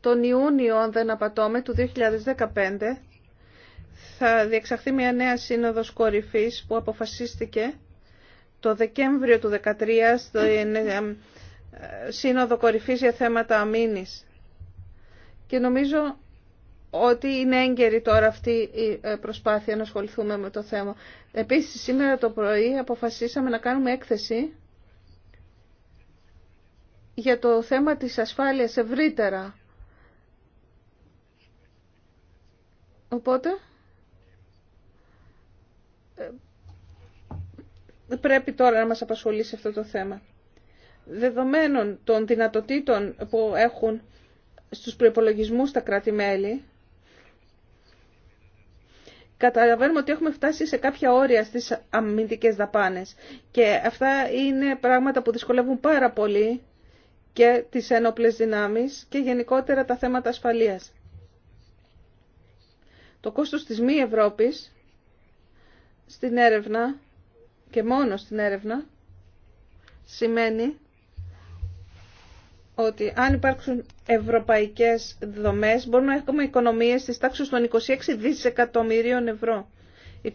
τον Ιούνιο, αν δεν απατώμε, του 2015 θα διεξαχθεί μια νέα σύνοδος κορυφής που αποφασίστηκε το Δεκέμβριο του 2013 στο ε, ε, Σύνοδο Κορυφής για θέματα αμήνης. Και νομίζω ότι είναι έγκαιρη τώρα αυτή η ε, προσπάθεια να ασχοληθούμε με το θέμα. Επίσης σήμερα το πρωί αποφασίσαμε να κάνουμε έκθεση για το θέμα της ασφάλειας ευρύτερα Οπότε ε, πρέπει τώρα να μας απασχολήσει αυτό το θέμα. Δεδομένων των δυνατοτήτων που έχουν στους προϋπολογισμούς τα κράτη-μέλη, καταλαβαίνουμε ότι έχουμε φτάσει σε κάποια όρια στις αμυντικές δαπάνες. Και αυτά είναι πράγματα που δυσκολεύουν πάρα πολύ και τις ένοπλες δυνάμεις και γενικότερα τα θέματα ασφαλείας. Το κόστος της μη Ευρώπης στην έρευνα και μόνο στην έρευνα σημαίνει ότι αν υπάρξουν ευρωπαϊκές δομές μπορούμε να έχουμε οικονομίες της τάξεις των 26 δισεκατομμυρίων ευρώ. 26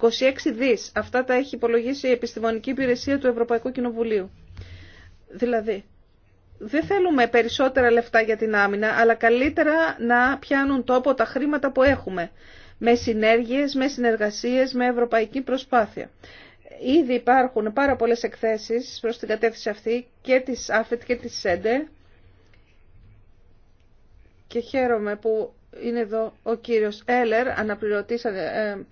δις. Αυτά τα έχει υπολογίσει η Επιστημονική Υπηρεσία του Ευρωπαϊκού Κοινοβουλίου. Δηλαδή, δεν θέλουμε περισσότερα λεφτά για την άμυνα, αλλά καλύτερα να πιάνουν τόπο τα χρήματα που έχουμε με συνέργειες, με συνεργασίες, με ευρωπαϊκή προσπάθεια. Ήδη υπάρχουν πάρα πολλές εκθέσεις προς την κατεύθυνση αυτή και της ΑΦΕΤ και της ΣΕΝΤΕ και χαίρομαι που είναι εδώ ο κύριος Έλερ, αναπληρωτής ε,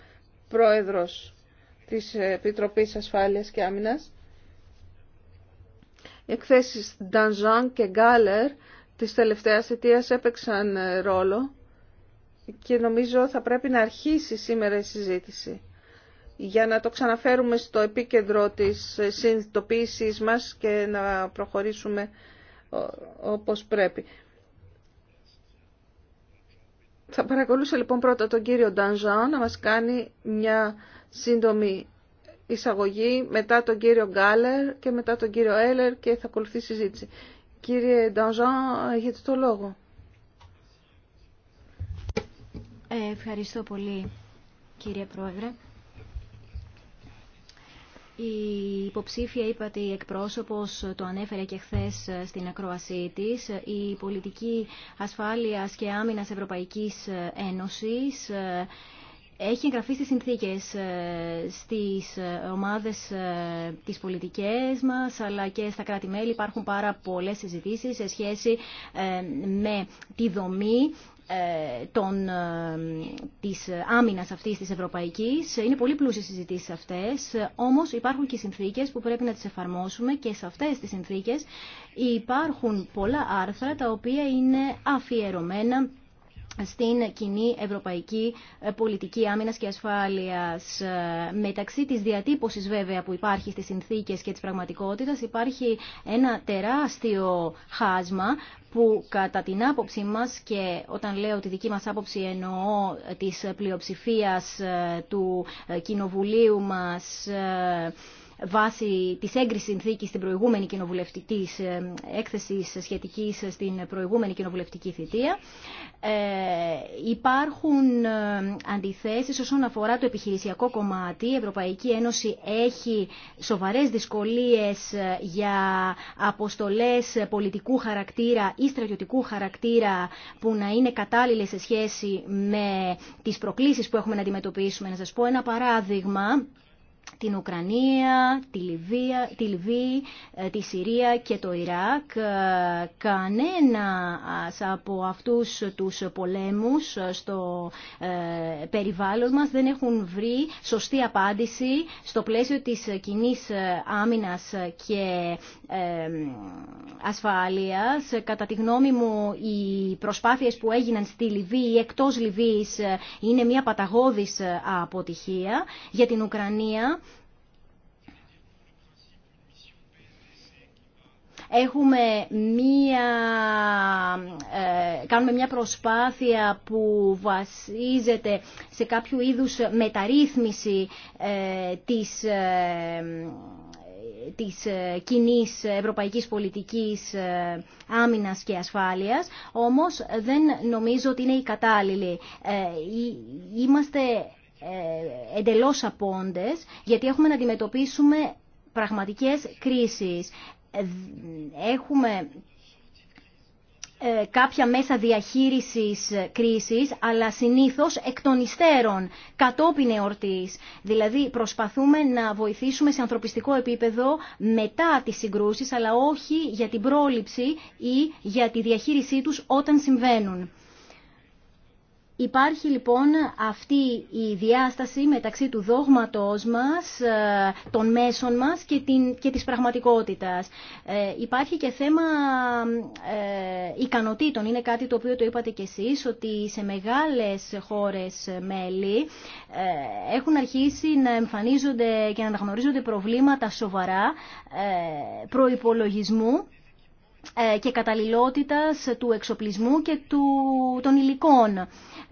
πρόεδρος της Επιτροπής Ασφάλειας και Άμυνας. Οι εκθέσεις Ντανζάν και Γκάλερ της τελευταίας αιτίας έπαιξαν ρόλο και νομίζω θα πρέπει να αρχίσει σήμερα η συζήτηση για να το ξαναφέρουμε στο επίκεντρο της συνειδητοποίησής μας και να προχωρήσουμε όπως πρέπει. Θα παρακολούσα λοιπόν πρώτα τον κύριο Ντανζάν να μας κάνει μια σύντομη εισαγωγή, μετά τον κύριο Γκάλερ και μετά τον κύριο Έλερ και θα ακολουθεί η συζήτηση. Κύριε Ντανζάν, έχετε το λόγο. Ε, ευχαριστώ πολύ κύριε Πρόεδρε. Η υποψήφια, είπατε, η εκπρόσωπος το ανέφερε και χθε ε, στην ακρόασή της. Η πολιτική ασφάλειας και άμυνας Ευρωπαϊκής ε, Ένωσης έχει εγγραφεί στις συνθήκες, στις ομάδες της πολιτικές μας, αλλά και στα κράτη-μέλη υπάρχουν πάρα πολλές συζητήσεις σε σχέση με τη δομή ε, των, ε, της άμυνας αυτής της ευρωπαϊκής. Είναι πολύ πλούσιες συζητήσεις αυτές, όμως υπάρχουν και συνθήκες που πρέπει να τις εφαρμόσουμε και σε αυτές τις συνθήκες υπάρχουν πολλά άρθρα τα οποία είναι αφιερωμένα στην κοινή ευρωπαϊκή ε, πολιτική άμυνας και ασφάλειας. Ε, μεταξύ της διατύπωσης βέβαια που υπάρχει στις συνθήκες και της πραγματικότητας υπάρχει ένα τεράστιο χάσμα που κατά την άποψή μας και όταν λέω τη δική μας άποψη εννοώ της πλειοψηφίας ε, του Κοινοβουλίου μας βάσει της έγκρισης συνθήκης στην προηγούμενη κοινοβουλευτική ε, έκθεση σχετική στην προηγούμενη κοινοβουλευτική θητεία. Ε, υπάρχουν ε, αντιθέσεις όσον αφορά το επιχειρησιακό κομμάτι. Η Ευρωπαϊκή Ένωση έχει σοβαρές δυσκολίες ε, για αποστολές πολιτικού χαρακτήρα ή στρατιωτικού χαρακτήρα που να είναι κατάλληλες σε σχέση με τις προκλήσεις που έχουμε να αντιμετωπίσουμε. Να σας πω ένα παράδειγμα την Ουκρανία, τη, Λιβύα, τη Λιβύη, ε, τη Συρία και το Ιράκ. Ε, Κανένα από αυτούς τους πολέμους ε, στο περιβάλλον μας δεν έχουν βρει σωστή απάντηση στο πλαίσιο της κοινή άμυνας και ασφάλειας. Κατά τη γνώμη μου οι προσπάθειες που έγιναν στη Λιβύη ή εκτός Λιβύης είναι μια παταγώδης αποτυχία. Για την Ουκρανία Έχουμε μία, ε, κάνουμε μια προσπάθεια που βασίζεται σε κάποιο είδους μεταρρύθμιση ε, της ε, της κοινή ευρωπαϊκής πολιτικής άμυνας και ασφάλειας, όμως δεν νομίζω ότι είναι η κατάλληλη. Είμαστε εντελώς απόντες, γιατί έχουμε να αντιμετωπίσουμε πραγματικές κρίσεις έχουμε ε, κάποια μέσα διαχείρισης κρίσης, αλλά συνήθως εκ των υστέρων, κατόπιν εορτής. Δηλαδή προσπαθούμε να βοηθήσουμε σε ανθρωπιστικό επίπεδο μετά τις συγκρούσεις, αλλά όχι για την πρόληψη ή για τη διαχείρισή τους όταν συμβαίνουν. Υπάρχει λοιπόν αυτή η διάσταση μεταξύ του δόγματός μας, ε, των μέσων μας και, την, και της πραγματικότητας. Ε, υπάρχει και θέμα ε, ικανοτήτων. Είναι κάτι το οποίο το είπατε κι εσείς, ότι σε μεγάλες χώρες μέλη ε, έχουν αρχίσει να εμφανίζονται και να αναγνωρίζονται προβλήματα σοβαρά ε, προϋπολογισμού ε, και καταλληλότητας του εξοπλισμού και των υλικών.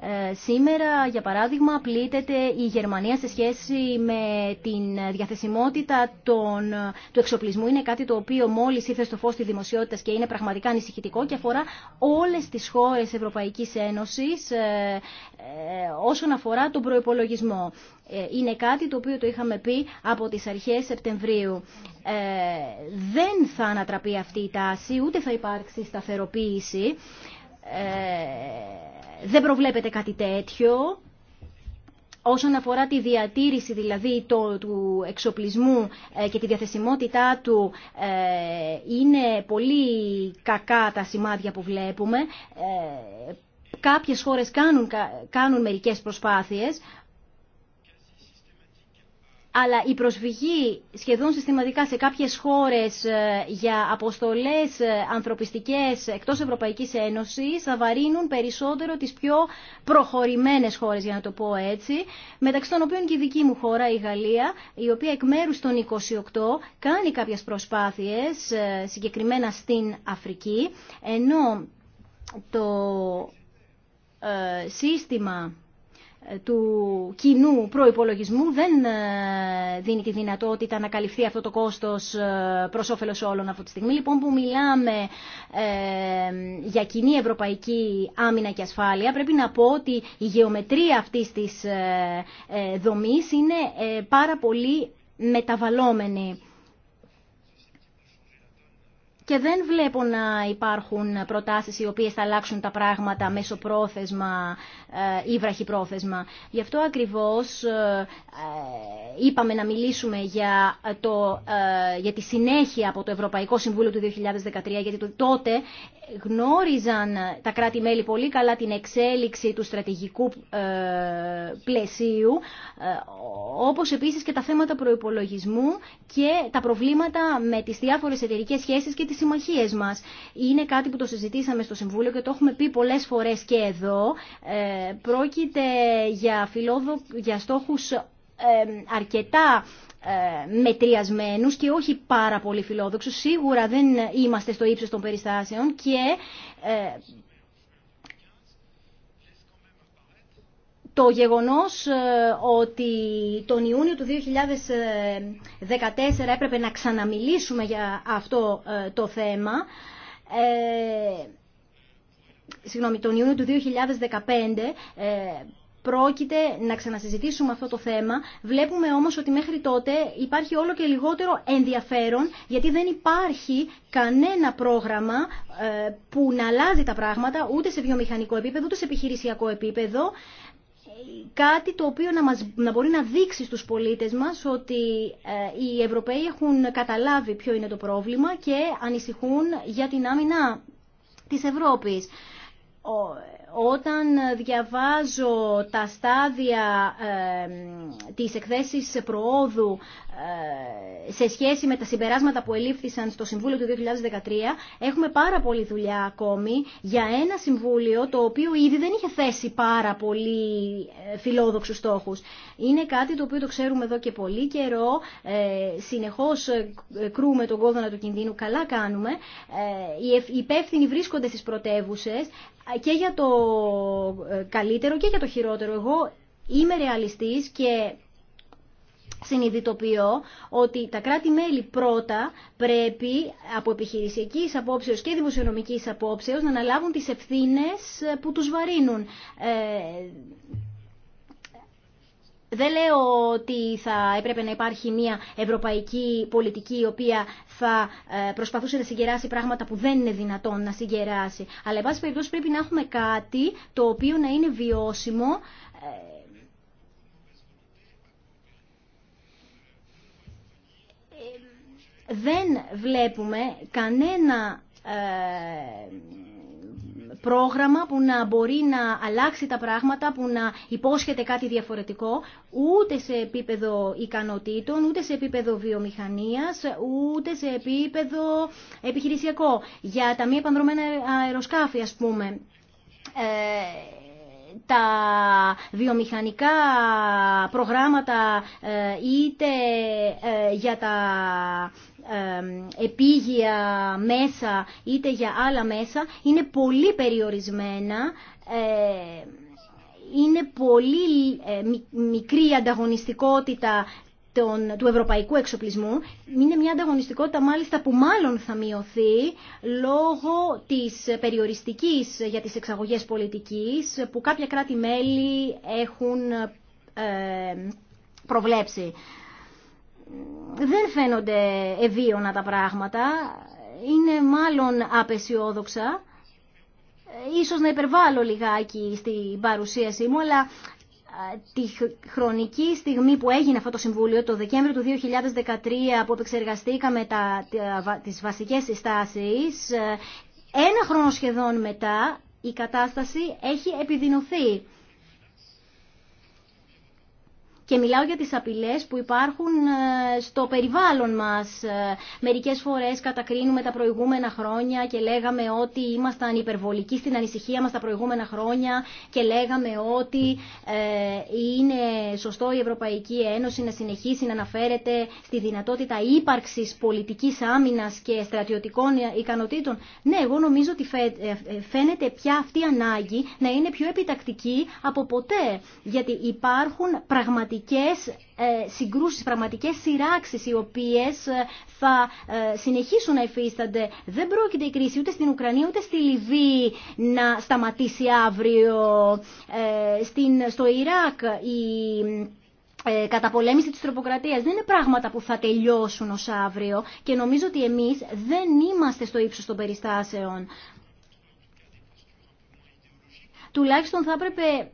Ε, σήμερα, για παράδειγμα, πλήττεται η Γερμανία σε σχέση με την διαθεσιμότητα των, του εξοπλισμού. Είναι κάτι το οποίο μόλις ήρθε στο φως τη δημοσιοτητα και είναι πραγματικά ανησυχητικό και αφορά όλες τις χώρε Ευρωπαϊκής Ένωσης ε, ε, όσον αφορά τον προϋπολογισμό. Είναι κάτι το οποίο το είχαμε πει από τις αρχές Σεπτεμβρίου. δεν θα ανατραπεί αυτή η τάση, ούτε θα υπάρξει σταθεροποίηση δεν προβλέπεται κάτι τέτοιο. Όσον αφορά τη διατήρηση δηλαδή το, του εξοπλισμού ε, και τη διαθεσιμότητά του ε, είναι πολύ κακά τα σημάδια που βλέπουμε. Ε, κάποιες χώρες κάνουν, κάνουν μερικές προσπάθειες, αλλά η προσφυγή σχεδόν συστηματικά σε κάποιες χώρες ε, για αποστολές ε, ανθρωπιστικές εκτός Ευρωπαϊκής Ένωσης θα βαρύνουν περισσότερο τις πιο προχωρημένες χώρες, για να το πω έτσι, μεταξύ των οποίων και η δική μου χώρα, η Γαλλία, η οποία εκ μέρους των 28 κάνει κάποιες προσπάθειες ε, συγκεκριμένα στην Αφρική, ενώ το σύστημα του κοινού προϋπολογισμού δεν ε, δίνει τη δυνατότητα να καλυφθεί αυτό το κόστος ε, προς όφελος όλων αυτή τη στιγμή. Λοιπόν που μιλάμε ε, για κοινή ευρωπαϊκή άμυνα και ασφάλεια πρέπει να πω ότι η γεωμετρία αυτής της δομής είναι πάρα πολύ μεταβαλλόμενη και δεν βλέπω να υπάρχουν προτάσεις οι οποίες θα αλλάξουν τα πράγματα μέσω πρόθεσμα ε, ή βραχυπρόθεσμα. Γι' αυτό ακριβώς ε, ε, είπαμε να μιλήσουμε για, το, για τη συνέχεια από το Ευρωπαϊκό Συμβούλιο του 2013, γιατί τότε γνώριζαν τα κράτη-μέλη πολύ καλά την εξέλιξη του στρατηγικού πλαισίου, όπως επίσης και τα θέματα προϋπολογισμού και τα προβλήματα με τις διάφορες εταιρικές σχέσεις και τις συμμαχίες μας. Είναι κάτι που το συζητήσαμε στο Συμβούλιο και το έχουμε πει πολλές φορές και εδώ. Ε, πρόκειται για, φιλόδο, για στόχους ε, αρκετά ε, μετριασμένους και όχι πάρα πολύ φιλόδοξους. Σίγουρα δεν είμαστε στο ύψος των περιστάσεων και το γεγονός ε, ότι τον Ιούνιο του 2014 έπρεπε να ξαναμιλήσουμε για αυτό ε, το θέμα, ε, συγγνώμη, τον Ιούνιο του 2015 ε, πρόκειται να ξανασυζητήσουμε αυτό το θέμα. Βλέπουμε όμως ότι μέχρι τότε υπάρχει όλο και λιγότερο ενδιαφέρον γιατί δεν υπάρχει κανένα πρόγραμμα που να αλλάζει τα πράγματα ούτε σε βιομηχανικό επίπεδο ούτε σε επιχειρησιακό επίπεδο κάτι το οποίο να, μας, να μπορεί να δείξει στους πολίτες μας ότι ε, οι Ευρωπαίοι έχουν καταλάβει ποιο είναι το πρόβλημα και ανησυχούν για την άμυνα της Ευρώπης. Όταν διαβάζω τα στάδια ε, της σε προόδου ε, σε σχέση με τα συμπεράσματα που ελήφθησαν στο Συμβούλιο του 2013, έχουμε πάρα πολλή δουλειά ακόμη για ένα Συμβούλιο το οποίο ήδη δεν είχε θέσει πάρα πολύ ε, φιλόδοξους στόχους. Είναι κάτι το οποίο το ξέρουμε εδώ και πολύ καιρό, ε, συνεχώς κρούμε τον κόδωνα του κινδύνου, καλά κάνουμε. Οι υπεύθυνοι βρίσκονται στις πρωτεύουσε και για το καλύτερο και για το χειρότερο. Εγώ είμαι ρεαλιστής και συνειδητοποιώ ότι τα κράτη-μέλη πρώτα πρέπει από επιχειρησιακή απόψεως και δημοσιονομική απόψεως να αναλάβουν τις ευθύνες που τους βαρύνουν. Ε, δεν λέω ότι θα έπρεπε να υπάρχει μια ευρωπαϊκή πολιτική η οποία θα ε, προσπαθούσε να συγκεράσει πράγματα που δεν είναι δυνατόν να συγκεράσει. Αλλά, εν πάση περιπτώσει, πρέπει να έχουμε κάτι το οποίο να είναι βιώσιμο ε, δεν βλέπουμε κανένα ε, πρόγραμμα που να μπορεί να αλλάξει τα πράγματα, που να υπόσχεται κάτι διαφορετικό, ούτε σε επίπεδο ικανοτήτων, ούτε σε επίπεδο βιομηχανίας, ούτε σε επίπεδο επιχειρησιακό. Για τα μη επανδρομένα αεροσκάφη, ας πούμε, ε, τα βιομηχανικά προγράμματα ε, είτε για τα επίγεια μέσα είτε για άλλα μέσα είναι πολύ περιορισμένα ε, είναι πολύ ε, μικρή ανταγωνιστικότητα του ευρωπαϊκού εξοπλισμού. Είναι μια ανταγωνιστικότητα μάλιστα που μάλλον θα μειωθεί λόγω της περιοριστικής για τις εξαγωγές πολιτικής που κάποια κράτη-μέλη έχουν ε, προβλέψει δεν φαίνονται ευίωνα τα πράγματα, είναι μάλλον απεσιόδοξα. Ίσως να υπερβάλλω λιγάκι στην παρουσίασή μου, αλλά τη χρονική στιγμή που έγινε αυτό το Συμβούλιο, το Δεκέμβριο του 2013, που επεξεργαστήκαμε τα, τις βασικές συστάσεις, ε, ένα χρόνο σχεδόν μετά η κατάσταση έχει επιδεινωθεί. Και μιλάω για τις απειλές που υπάρχουν ε, στο περιβάλλον μας. Ε, μερικές φορές κατακρίνουμε τα προηγούμενα χρόνια και λέγαμε ότι ήμασταν υπερβολικοί στην ανησυχία μας τα προηγούμενα χρόνια και λέγαμε ότι ε, είναι σωστό η Ευρωπαϊκή Ένωση να συνεχίσει να αναφέρεται στη δυνατότητα ύπαρξης πολιτικής άμυνας και στρατιωτικών ικανοτήτων. Ναι, εγώ νομίζω ότι φαίνεται πια αυτή η ανάγκη να είναι πιο επιτακτική από ποτέ, γιατί υπάρχουν πραγματικά πραγματικές ε, συγκρούσεις, πραγματικές σειράξεις οι οποίες ε, θα ε, συνεχίσουν να υφίστανται. Δεν πρόκειται η κρίση ούτε στην Ουκρανία ούτε στη Λιβύη να σταματήσει αύριο. στην, στο Ιράκ η καταπολέμηση της τροποκρατίας δεν είναι πράγματα που θα τελειώσουν ως αύριο και νομίζω ότι εμείς δεν είμαστε στο ύψος των περιστάσεων. Τουλάχιστον θα έπρεπε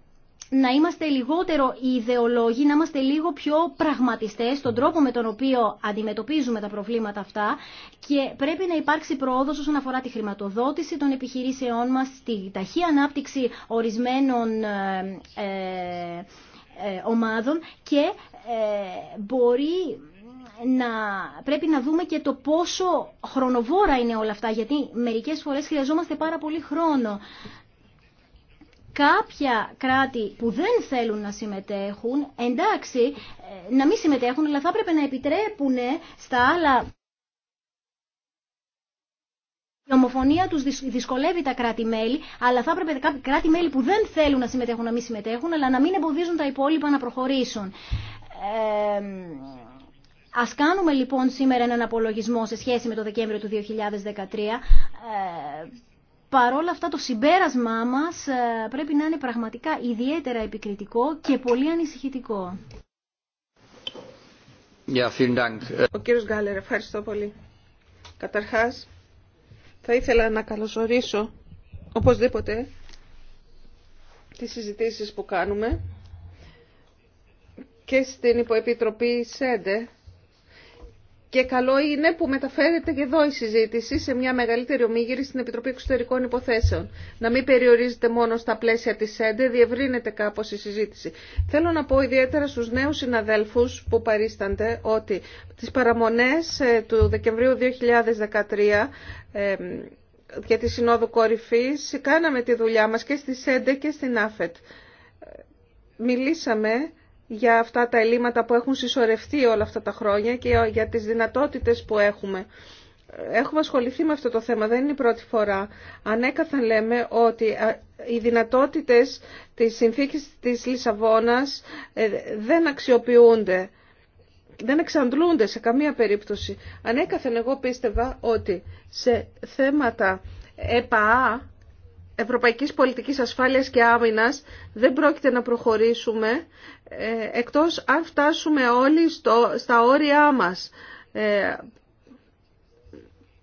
να είμαστε λιγότερο ιδεολόγοι, να είμαστε λίγο πιο πραγματιστές στον τρόπο με τον οποίο αντιμετωπίζουμε τα προβλήματα αυτά και πρέπει να υπάρξει προόδος όσον αφορά τη χρηματοδότηση των επιχειρήσεών μας, τη ταχύ ανάπτυξη ορισμένων ε, ε, ε, ομάδων και μπορεί να, πρέπει να δούμε και το πόσο χρονοβόρα είναι όλα αυτά, γιατί μερικές φορές χρειαζόμαστε πάρα πολύ χρόνο κάποια κράτη που δεν θέλουν να συμμετέχουν, εντάξει, ε, να μην συμμετέχουν, αλλά θα έπρεπε να επιτρέπουν στα άλλα... Η ομοφωνία τους δυσκολεύει τα κράτη-μέλη, αλλά θα έπρεπε κάποια κράτη-μέλη που δεν θέλουν να συμμετέχουν να μην συμμετέχουν, αλλά να μην εμποδίζουν τα υπόλοιπα να προχωρήσουν. Ε, ας κάνουμε λοιπόν σήμερα έναν απολογισμό σε σχέση με το Δεκέμβριο του 2013. Ε, παρόλα αυτά το συμπέρασμά μας ε, πρέπει να είναι πραγματικά ιδιαίτερα επικριτικό και πολύ ανησυχητικό. Ο κύριος Γκάλερ, ευχαριστώ πολύ. Καταρχάς, θα ήθελα να καλωσορίσω οπωσδήποτε τις συζητήσεις που κάνουμε και στην Υποεπιτροπή ΣΕΝΤΕ και καλό είναι που μεταφέρεται και εδώ η συζήτηση σε μια μεγαλύτερη ομίγυρη στην Επιτροπή Εξωτερικών Υποθέσεων. Να μην περιορίζεται μόνο στα πλαίσια της ΣΕΝΤΕ, διευρύνεται κάπως η συζήτηση. Θέλω να πω ιδιαίτερα στους νέους συναδέλφους που παρίστανται ότι τις παραμονές ε, του Δεκεμβρίου 2013 ε, για τη Συνόδου Κορυφής κάναμε τη δουλειά μας και στη ΣΕΝΤΕ και στην ΑΦΕΤ. Ε, μιλήσαμε για αυτά τα ελλείμματα που έχουν συσσωρευτεί όλα αυτά τα χρόνια και για τις δυνατότητες που έχουμε. Έχουμε ασχοληθεί με αυτό το θέμα, δεν είναι η πρώτη φορά. Ανέκαθεν λέμε ότι οι δυνατότητες της συνθήκης της Λισαβόνας ε, δεν αξιοποιούνται, δεν εξαντλούνται σε καμία περίπτωση. Ανέκαθεν εγώ πίστευα ότι σε θέματα ΕΠΑΑ ευρωπαϊκής πολιτικής ασφάλειας και άμυνας δεν πρόκειται να προχωρήσουμε ε, εκτός αν φτάσουμε όλοι στο, στα όρια μας ε,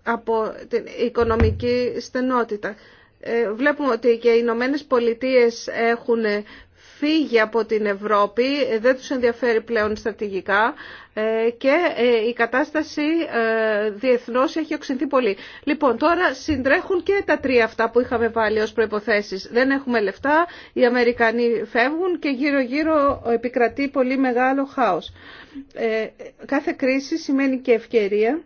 από την οικονομική στενότητα. Ε, βλέπουμε ότι και οι Ηνωμένε Πολιτείε έχουν φύγει από την Ευρώπη, δεν τους ενδιαφέρει πλέον στρατηγικά ε, και ε, η κατάσταση ε, διεθνώς έχει οξυνθεί πολύ. Λοιπόν, τώρα συντρέχουν και τα τρία αυτά που είχαμε βάλει ως προϋποθέσεις. Δεν έχουμε λεφτά, οι Αμερικανοί φεύγουν και γύρω-γύρω επικρατεί πολύ μεγάλο χάος. Κάθε κρίση σημαίνει και ευκαιρία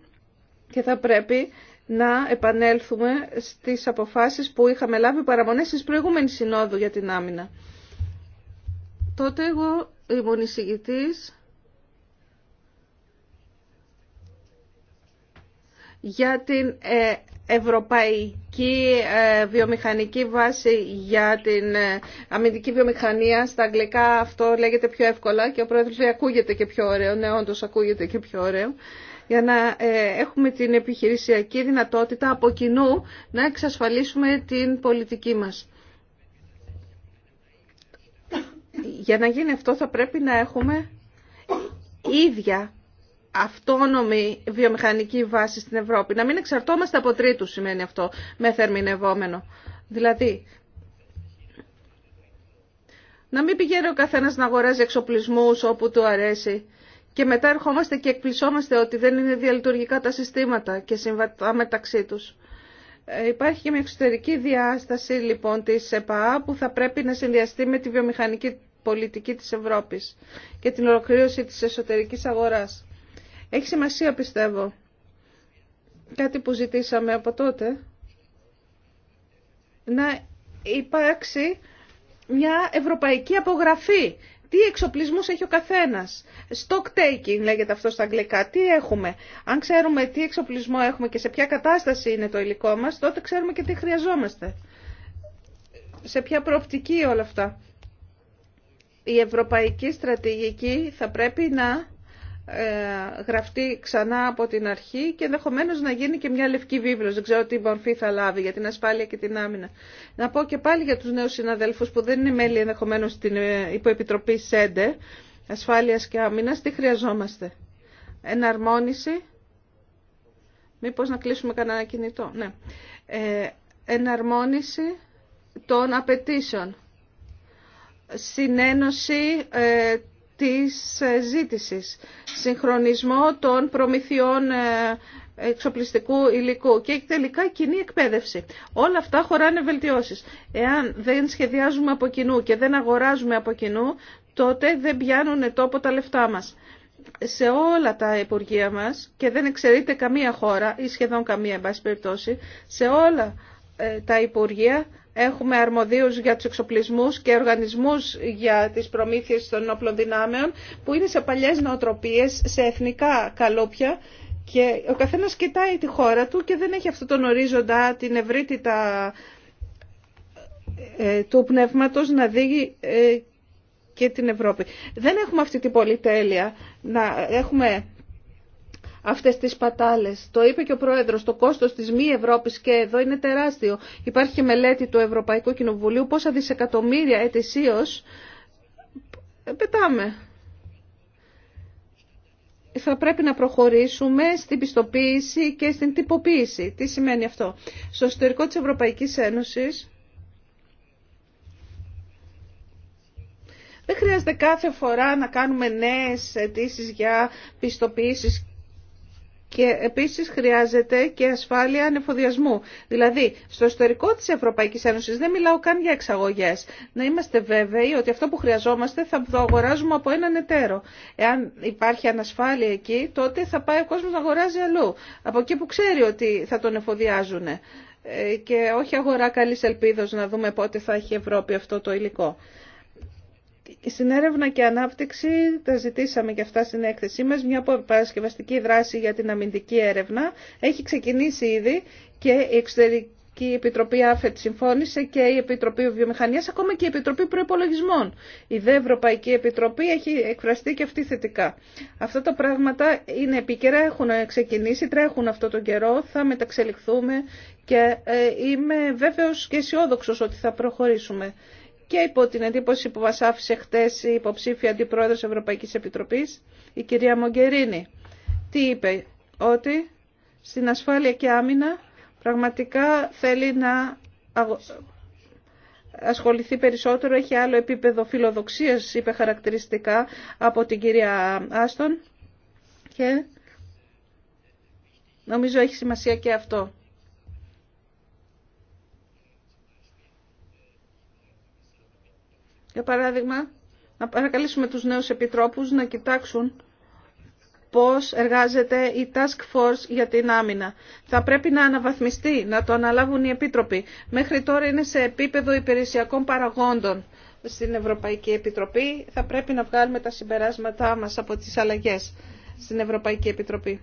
και θα πρέπει να επανέλθουμε στις αποφάσεις που είχαμε λάβει παραμονές της προηγούμενης συνόδου για την άμυνα. Τότε εγώ ήμουν λοιπόν, εισηγητής για την ε, Ευρωπαϊκή ε, Βιομηχανική Βάση για την ε, Αμυντική Βιομηχανία. Στα αγγλικά αυτό λέγεται πιο εύκολα και ο πρόεδρος λέει ακούγεται και πιο ωραίο. Ναι, όντως ακούγεται και πιο ωραίο για να έχουμε την επιχειρησιακή δυνατότητα από κοινού να εξασφαλίσουμε την πολιτική μας. Για να γίνει αυτό θα πρέπει να έχουμε ίδια αυτόνομη βιομηχανική βάση στην Ευρώπη. Να μην εξαρτώμαστε από τρίτους σημαίνει αυτό με θερμινευόμενο. Δηλαδή, να μην πηγαίνει ο καθένας να αγοράζει εξοπλισμούς όπου του αρέσει και μετά ερχόμαστε και εκπλησόμαστε ότι δεν είναι διαλειτουργικά τα συστήματα και συμβατά μεταξύ τους. Ε, υπάρχει και μια εξωτερική διάσταση λοιπόν της ΕΠΑ που θα πρέπει να συνδυαστεί με τη βιομηχανική πολιτική της Ευρώπης και την ολοκλήρωση της εσωτερικής αγοράς. Έχει σημασία πιστεύω κάτι που ζητήσαμε από τότε να υπάρξει μια ευρωπαϊκή απογραφή. Τι εξοπλισμούς έχει ο καθένας. Stock taking λέγεται αυτό στα αγγλικά. Τι έχουμε. Αν ξέρουμε τι εξοπλισμό έχουμε και σε ποια κατάσταση είναι το υλικό μας, τότε ξέρουμε και τι χρειαζόμαστε. Σε ποια προοπτική όλα αυτά η ευρωπαϊκή στρατηγική θα πρέπει να ε, γραφτεί ξανά από την αρχή και ενδεχομένω να γίνει και μια λευκή βίβλος. Δεν ξέρω τι μορφή θα λάβει για την ασφάλεια και την άμυνα. Να πω και πάλι για τους νέους συναδέλφους που δεν είναι μέλη ενδεχομένω στην ε, υποεπιτροπή ΣΕΝΤΕ, ασφάλειας και άμυνας, τι χρειαζόμαστε. Εναρμόνιση. Μήπως να κλείσουμε κανένα κινητό. Ναι. Ε, εναρμόνιση των απαιτήσεων συνένωση ε, της ε, ζήτησης, συγχρονισμό των προμηθειών ε, εξοπλιστικού υλικού και τελικά κοινή εκπαίδευση. Όλα αυτά χωράνε βελτιώσεις. Εάν δεν σχεδιάζουμε από κοινού και δεν αγοράζουμε από κοινού, τότε δεν πιάνουν τόπο τα λεφτά μας. Σε όλα τα υπουργεία μας, και δεν εξαιρείται καμία χώρα ή σχεδόν καμία, εν περιπτώσει, σε όλα τα υπουργεία Έχουμε αρμοδίους για τους εξοπλισμούς και οργανισμούς για τις προμήθειες των όπλων δυνάμεων που είναι σε παλιές νοοτροπίες, σε εθνικά καλόπια και ο καθένας κοιτάει τη χώρα του και δεν έχει αυτόν τον ορίζοντα, την ευρύτητα ε, του πνεύματος να δει ε, και την Ευρώπη. Δεν έχουμε αυτή την πολυτέλεια να έχουμε αυτές τις πατάλες. Το είπε και ο Πρόεδρος, το κόστος της μη Ευρώπης και εδώ είναι τεράστιο. Υπάρχει μελέτη του Ευρωπαϊκού Κοινοβουλίου πόσα δισεκατομμύρια ετησίω ε, πετάμε. Θα πρέπει να προχωρήσουμε στην πιστοποίηση και στην τυποποίηση. Τι σημαίνει αυτό. Στο εσωτερικό της Ευρωπαϊκής Ένωσης Δεν χρειάζεται κάθε φορά να κάνουμε νέες αιτήσει για πιστοποίησεις και επίσης χρειάζεται και ασφάλεια ανεφοδιασμού. Δηλαδή, στο ιστορικό της Ευρωπαϊκής Ένωσης δεν μιλάω καν για εξαγωγές. Να είμαστε βέβαιοι ότι αυτό που χρειαζόμαστε θα το αγοράζουμε από έναν εταίρο. Εάν υπάρχει ανασφάλεια εκεί, τότε θα πάει ο κόσμος να αγοράζει αλλού. Από εκεί που ξέρει ότι θα τον εφοδιάζουν. Ε, και όχι αγορά καλής ελπίδος να δούμε πότε θα έχει η Ευρώπη αυτό το υλικό. Στην έρευνα και ανάπτυξη τα ζητήσαμε και αυτά στην έκθεσή μας. Μια παρασκευαστική δράση για την αμυντική έρευνα έχει ξεκινήσει ήδη και η Εξωτερική Επιτροπή ΑΦΕΤ συμφώνησε και η Επιτροπή Βιομηχανίας, ακόμα και η Επιτροπή Προϋπολογισμών. Η ΔΕ Ευρωπαϊκή Επιτροπή έχει εκφραστεί και αυτή θετικά. Αυτά τα πράγματα είναι επίκαιρα, έχουν ξεκινήσει, τρέχουν αυτό τον καιρό, θα μεταξελιχθούμε και ε, είμαι βέβαιος και αισιόδοξο ότι θα προχωρήσουμε και υπό την εντύπωση που μας άφησε χτες η υποψήφια αντιπρόεδρος Ευρωπαϊκής Επιτροπής, η κυρία Μογκερίνη. Τι είπε, ότι στην ασφάλεια και άμυνα πραγματικά θέλει να ασχοληθεί περισσότερο, έχει άλλο επίπεδο φιλοδοξίας, είπε χαρακτηριστικά από την κυρία Άστον και νομίζω έχει σημασία και αυτό. Για παράδειγμα, να παρακαλήσουμε τους νέους επιτρόπους να κοιτάξουν πώς εργάζεται η Task Force για την άμυνα. Θα πρέπει να αναβαθμιστεί, να το αναλάβουν οι επίτροποι. Μέχρι τώρα είναι σε επίπεδο υπηρεσιακών παραγόντων στην Ευρωπαϊκή Επιτροπή. Θα πρέπει να βγάλουμε τα συμπεράσματά μας από τις αλλαγές στην Ευρωπαϊκή Επιτροπή.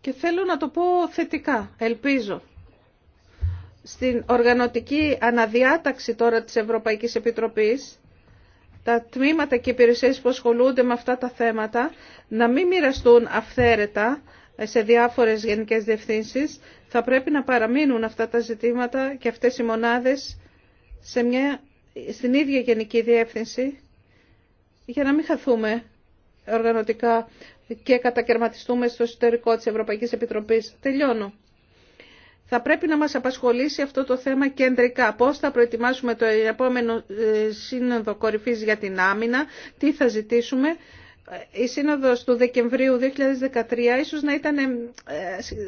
Και θέλω να το πω θετικά, ελπίζω στην οργανωτική αναδιάταξη τώρα της Ευρωπαϊκής Επιτροπής τα τμήματα και οι υπηρεσίες που ασχολούνται με αυτά τα θέματα να μην μοιραστούν αυθαίρετα σε διάφορες γενικές διευθύνσεις. Θα πρέπει να παραμείνουν αυτά τα ζητήματα και αυτές οι μονάδες σε μια, στην ίδια γενική διεύθυνση για να μην χαθούμε οργανωτικά και κατακαιρματιστούμε στο εσωτερικό της Ευρωπαϊκής Επιτροπής. Τελειώνω θα πρέπει να μας απασχολήσει αυτό το θέμα κεντρικά. Πώς θα προετοιμάσουμε το επόμενο ε, σύνοδο κορυφής για την άμυνα, τι θα ζητήσουμε η σύνοδος του Δεκεμβρίου 2013 ίσως να ήταν ε,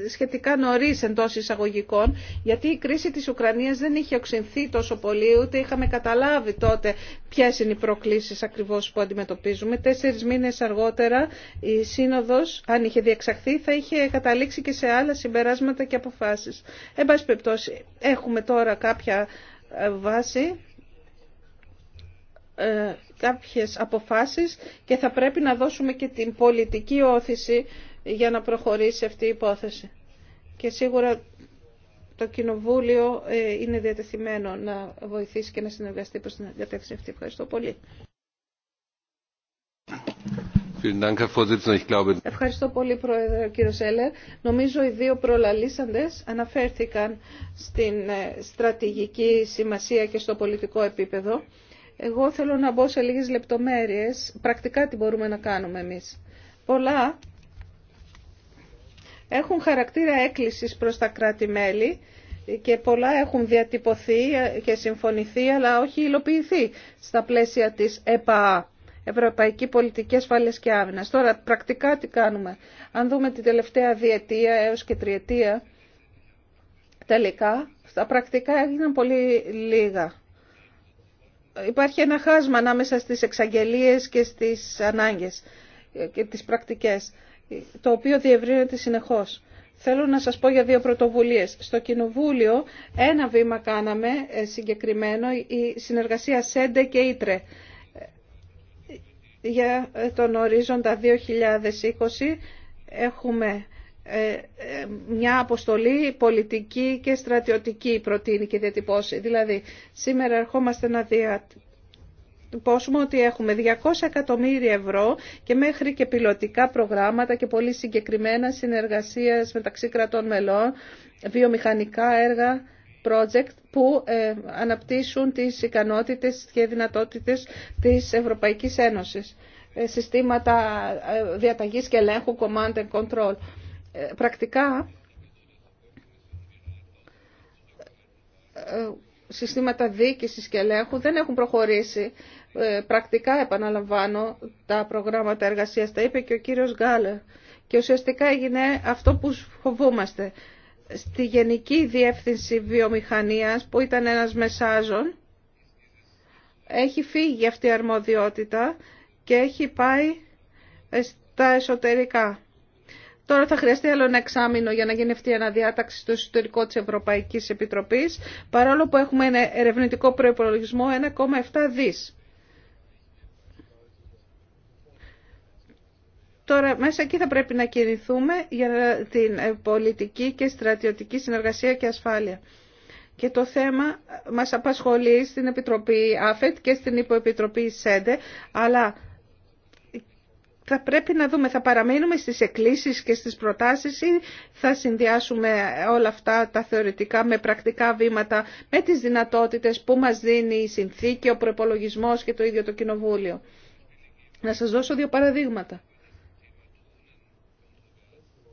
σχετικά νωρίς εντός εισαγωγικών γιατί η κρίση της Ουκρανίας δεν είχε οξυνθεί τόσο πολύ ούτε είχαμε καταλάβει τότε ποιες είναι οι προκλήσεις ακριβώς που αντιμετωπίζουμε. Τέσσερις μήνες αργότερα η σύνοδος αν είχε διεξαχθεί θα είχε καταλήξει και σε άλλα συμπεράσματα και αποφάσεις. Εν πάση περιπτώσει έχουμε τώρα κάποια ε, βάση ε, κάποιες αποφάσεις και θα πρέπει να δώσουμε και την πολιτική όθηση για να προχωρήσει αυτή η υπόθεση. Και σίγουρα το Κοινοβούλιο ε, είναι διατεθειμένο να βοηθήσει και να συνεργαστεί προς την κατεύθυνση αυτή. Ευχαριστώ πολύ. Ευχαριστώ πολύ, Πρόεδρε, κύριο Σέλερ. Νομίζω οι δύο προλαλήσαντες αναφέρθηκαν στην ε, στρατηγική σημασία και στο πολιτικό επίπεδο. Εγώ θέλω να μπω σε λίγες λεπτομέρειες, πρακτικά τι μπορούμε να κάνουμε εμείς. Πολλά έχουν χαρακτήρα έκκλησης προς τα κράτη-μέλη και πολλά έχουν διατυπωθεί και συμφωνηθεί αλλά όχι υλοποιηθεί στα πλαίσια της ΕΠΑΑ Ευρωπαϊκή Πολιτική Ασφάλεια και Άμυνα. Τώρα, πρακτικά τι κάνουμε. Αν δούμε την τελευταία διετία έως και τριετία, τελικά, στα πρακτικά έγιναν πολύ λίγα υπάρχει ένα χάσμα ανάμεσα στις εξαγγελίες και στις ανάγκες και τις πρακτικές, το οποίο διευρύνεται συνεχώς. Θέλω να σας πω για δύο πρωτοβουλίες. Στο Κοινοβούλιο ένα βήμα κάναμε ε, συγκεκριμένο, η συνεργασία ΣΕΝΤΕ και ΙΤΡΕ ε, για τον ορίζοντα 2020 έχουμε ε, ε, μια αποστολή πολιτική και στρατιωτική προτείνει και διατυπώσει. Δηλαδή, σήμερα ερχόμαστε να διατυπώσουμε ότι έχουμε 200 εκατομμύρια ευρώ και μέχρι και πιλωτικά προγράμματα και πολύ συγκεκριμένα συνεργασίας μεταξύ κρατών μελών, βιομηχανικά έργα, project που ε, αναπτύσσουν τις ικανότητες και δυνατότητες της Ευρωπαϊκής Ένωσης. συστήματα διαταγής και ελέγχου, command and control. Ε, πρακτικά ε, συστήματα διοίκησης και ελέγχου δεν έχουν προχωρήσει. Ε, πρακτικά επαναλαμβάνω τα προγράμματα εργασίας, τα είπε και ο κύριος Γκάλερ. Και ουσιαστικά έγινε αυτό που φοβούμαστε. Στη Γενική Διεύθυνση Βιομηχανίας που ήταν ένας μεσάζων έχει φύγει αυτή η αρμοδιότητα και έχει πάει στα εσωτερικά. Τώρα θα χρειαστεί άλλο ένα εξάμεινο για να γίνει αυτή η αναδιάταξη στο εσωτερικό τη Ευρωπαϊκή Επιτροπή, παρόλο που έχουμε ένα ερευνητικό προπολογισμό 1,7 δι. Τώρα μέσα εκεί θα πρέπει να κινηθούμε για την πολιτική και στρατιωτική συνεργασία και ασφάλεια. Και το θέμα μας απασχολεί στην Επιτροπή ΑΦΕΤ και στην Υποεπιτροπή ΣΕΝΤΕ, αλλά θα πρέπει να δούμε, θα παραμείνουμε στις εκκλήσεις και στις προτάσεις ή θα συνδυάσουμε όλα αυτά τα θεωρητικά με πρακτικά βήματα, με τις δυνατότητες που μας δίνει η συνθήκη, ο προπολογισμό και το ίδιο το Κοινοβούλιο. Να σας δώσω δύο παραδείγματα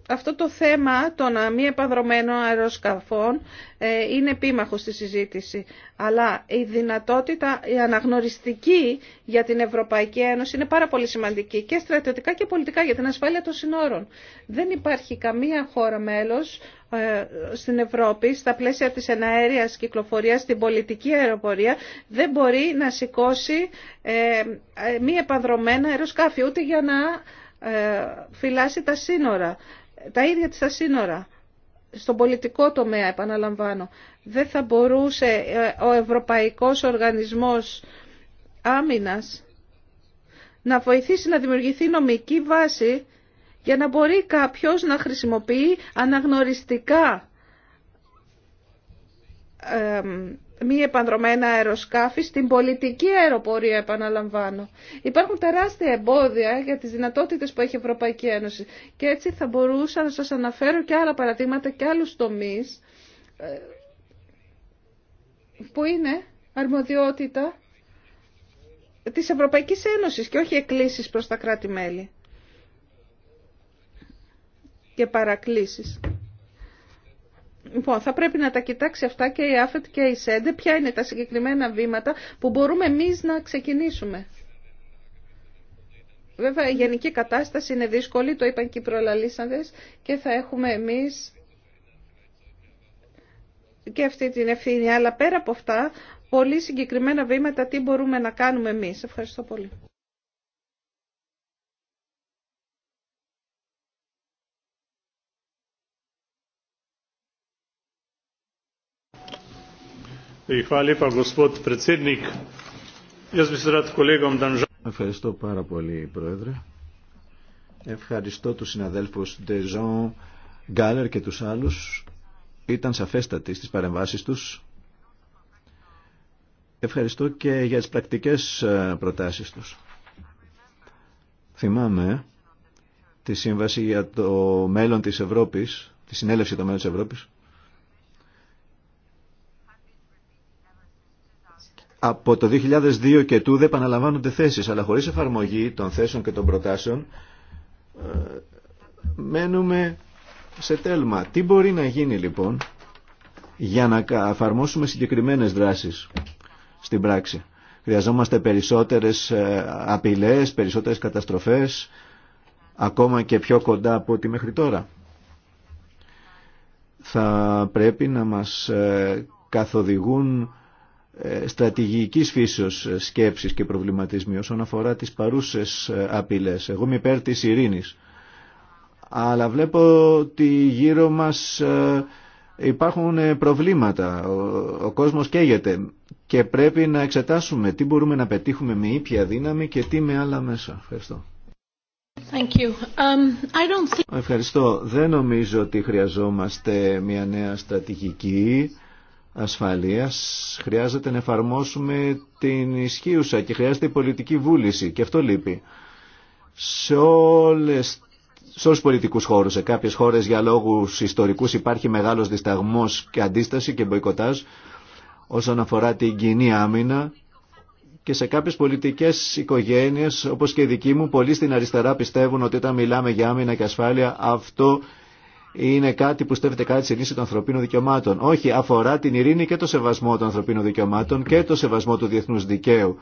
αυτό το θέμα των μη επαδρομένων αεροσκαφών ε, είναι επίμαχο στη συζήτηση. Αλλά η δυνατότητα, η αναγνωριστική για την Ευρωπαϊκή Ένωση είναι πάρα πολύ σημαντική και στρατιωτικά και πολιτικά για την ασφάλεια των συνόρων. Δεν υπάρχει καμία χώρα μέλος ε, στην Ευρώπη, στα πλαίσια της και κυκλοφορίας, στην πολιτική αεροπορία, δεν μπορεί να σηκώσει ε, μη επαδρομένα αεροσκάφη, ούτε για να φυλάσει τα σύνορα τα ίδια στα σύνορα. Στον πολιτικό τομέα, επαναλαμβάνω, δεν θα μπορούσε ε, ο Ευρωπαϊκός Οργανισμός Άμυνας να βοηθήσει να δημιουργηθεί νομική βάση για να μπορεί κάποιος να χρησιμοποιεί αναγνωριστικά ε, μη επανδρομένα αεροσκάφη στην πολιτική αεροπορία, επαναλαμβάνω. Υπάρχουν τεράστια εμπόδια για τις δυνατότητες που έχει η Ευρωπαϊκή Ένωση. Και έτσι θα μπορούσα να σας αναφέρω και άλλα παραδείγματα και άλλους τομείς ε, που είναι αρμοδιότητα της Ευρωπαϊκής Ένωσης και όχι εκκλήσεις προς τα κράτη-μέλη και παρακλήσεις. Λοιπόν, θα πρέπει να τα κοιτάξει αυτά και η ΑΦΕΤ και η ΣΕΝΤΕ, ποια είναι τα συγκεκριμένα βήματα που μπορούμε εμείς να ξεκινήσουμε. Βέβαια, η γενική κατάσταση είναι δύσκολη, το είπαν και οι προλαλήσαντες, και θα έχουμε εμείς και αυτή την ευθύνη. Αλλά πέρα από αυτά, πολύ συγκεκριμένα βήματα τι μπορούμε να κάνουμε εμείς. Ευχαριστώ πολύ. Ευχαριστώ πάρα πολύ, Πρόεδρε. Ευχαριστώ τους συναδέλφους Ντεζόν, Γκάλερ και τους άλλους. Ήταν σαφέστατοι στις παρεμβάσεις τους. Ευχαριστώ και για τις πρακτικές ε, προτάσεις τους. Θυμάμαι τη σύμβαση για το μέλλον της Ευρώπης, τη συνέλευση για το μέλλον της Ευρώπης, από το 2002 και τούδε επαναλαμβάνονται θέσεις, αλλά χωρίς εφαρμογή των θέσεων και των προτάσεων ε, μένουμε σε τέλμα. Τι μπορεί να γίνει λοιπόν για να εφαρμόσουμε συγκεκριμένες δράσεις στην πράξη. Χρειαζόμαστε περισσότερες ε, απειλές, περισσότερες καταστροφές, ακόμα και πιο κοντά από ό,τι μέχρι τώρα. Θα πρέπει να μας ε, καθοδηγούν ε, στρατηγικής φύσεως ε, σκέψης και προβληματισμού... όσον αφορά τις παρούσες ε, απειλές. Εγώ είμαι υπέρ της ειρήνης. Αλλά βλέπω ότι γύρω μας υπάρχουν προβλήματα. Ο κόσμος καίγεται και πρέπει να εξετάσουμε τι μπορούμε να πετύχουμε με ήπια δύναμη και τι με άλλα μέσα. Ευχαριστώ. Thank you. Um, Ευχαριστώ. Δεν νομίζω ότι χρειαζόμαστε μια νέα στρατηγική ασφαλείας χρειάζεται να εφαρμόσουμε την ισχύουσα και χρειάζεται η πολιτική βούληση και αυτό λείπει. Σε όλες σε όλου του πολιτικού Σε κάποιες χώρες για λόγους ιστορικούς υπάρχει μεγάλος δισταγμό και αντίσταση και μποϊκοτάζ όσον αφορά την κοινή άμυνα και σε κάποιες πολιτικές οικογένειες όπως και δική μου, πολλοί στην αριστερά πιστεύουν ότι όταν μιλάμε για άμυνα και ασφάλεια αυτό είναι κάτι που στέφεται κάτι σε ενίσχυση των ανθρωπίνων δικαιωμάτων. Όχι, αφορά την ειρήνη και το σεβασμό των ανθρωπίνων δικαιωμάτων και το σεβασμό του διεθνού δικαίου.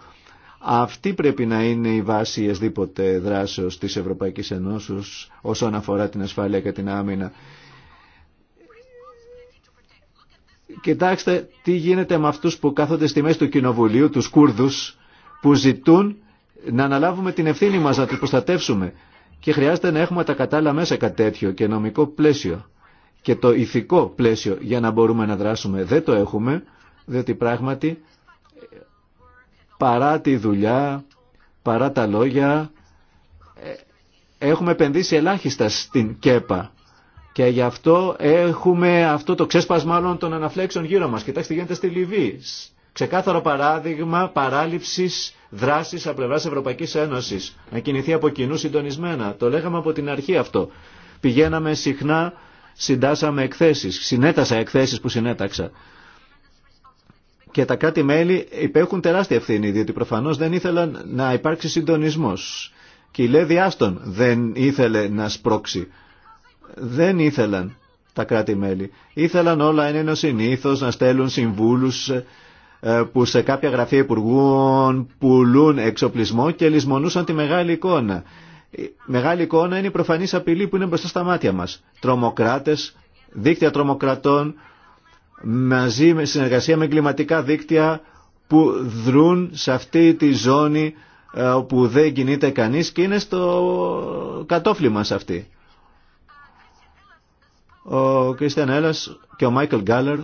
Αυτή πρέπει να είναι η βάση εσδήποτε δράσεως τη Ευρωπαϊκή Ενώσεω όσον αφορά την ασφάλεια και την άμυνα. Κοιτάξτε τι γίνεται με αυτούς που κάθονται στη μέση του Κοινοβουλίου, τους Κούρδους, που ζητούν να αναλάβουμε την ευθύνη μας να τους προστατεύσουμε και χρειάζεται να έχουμε τα κατάλληλα μέσα κάτι τέτοιο και νομικό πλαίσιο και το ηθικό πλαίσιο για να μπορούμε να δράσουμε. Δεν το έχουμε, διότι πράγματι παρά τη δουλειά, παρά τα λόγια, ε, έχουμε επενδύσει ελάχιστα στην ΚΕΠΑ. Και γι' αυτό έχουμε αυτό το ξέσπασμα των αναφλέξεων γύρω μας. Κοιτάξτε, γίνεται στη Λιβύη. Ξεκάθαρο παράδειγμα παράληψης δράσης από πλευράς Ευρωπαϊκής Ένωσης. Να κινηθεί από κοινού συντονισμένα. Το λέγαμε από την αρχή αυτό. Πηγαίναμε συχνά, συντάσαμε εκθέσεις. Συνέτασα εκθέσεις που συνέταξα. Και τα κράτη-μέλη υπέχουν τεράστια ευθύνη, διότι προφανώς δεν ήθελαν να υπάρξει συντονισμός. Και η Λέδη Άστον δεν ήθελε να σπρώξει. Δεν ήθελαν τα κράτη-μέλη. Ήθελαν όλα είναι ο συνήθω να στέλνουν συμβούλους ε, που σε κάποια γραφεία υπουργών πουλούν εξοπλισμό και λησμονούσαν τη μεγάλη εικόνα. Η μεγάλη εικόνα είναι η προφανής απειλή που είναι μπροστά στα μάτια μας. Τρομοκράτες, δίκτυα τρομοκρατών, μαζί με συνεργασία με κλιματικά δίκτυα που δρούν σε αυτή τη ζώνη ε, όπου δεν κινείται κανείς και είναι στο κατόφλι μας αυτή. Ο Κρίστιαν Έλλας και ο Μάικλ Γκάλερ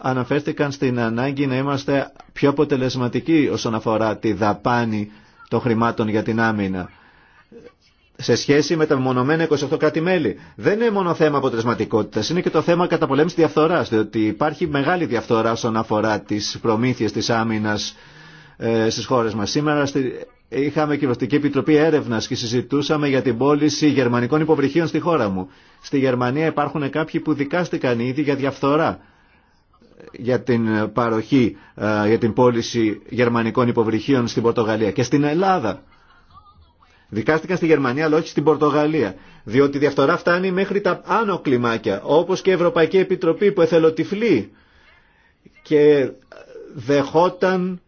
αναφέρθηκαν στην ανάγκη να είμαστε πιο αποτελεσματικοί όσον αφορά τη δαπάνη των χρημάτων για την άμυνα σε σχέση με τα μονομένα 28 κράτη-μέλη. Δεν είναι μόνο θέμα αποτελεσματικότητα, είναι και το θέμα καταπολέμηση διαφθορά. Διότι υπάρχει μεγάλη διαφθορά όσον αφορά τι προμήθειε τη άμυνα ε, στι χώρε μα. Σήμερα στη... είχαμε κυβερνητική επιτροπή έρευνα και συζητούσαμε για την πώληση γερμανικών υποβρυχίων στη χώρα μου. Στη Γερμανία υπάρχουν κάποιοι που δικάστηκαν ήδη για διαφθορά για την παροχή, ε, για την πώληση γερμανικών υποβρυχίων στην Πορτογαλία και στην Ελλάδα. Δικάστηκαν στη Γερμανία αλλά όχι στην Πορτογαλία. Διότι η διαφθορά φτάνει μέχρι τα άνω κλιμάκια, όπως και η Ευρωπαϊκή Επιτροπή που εθελοτυφλεί και δεχόταν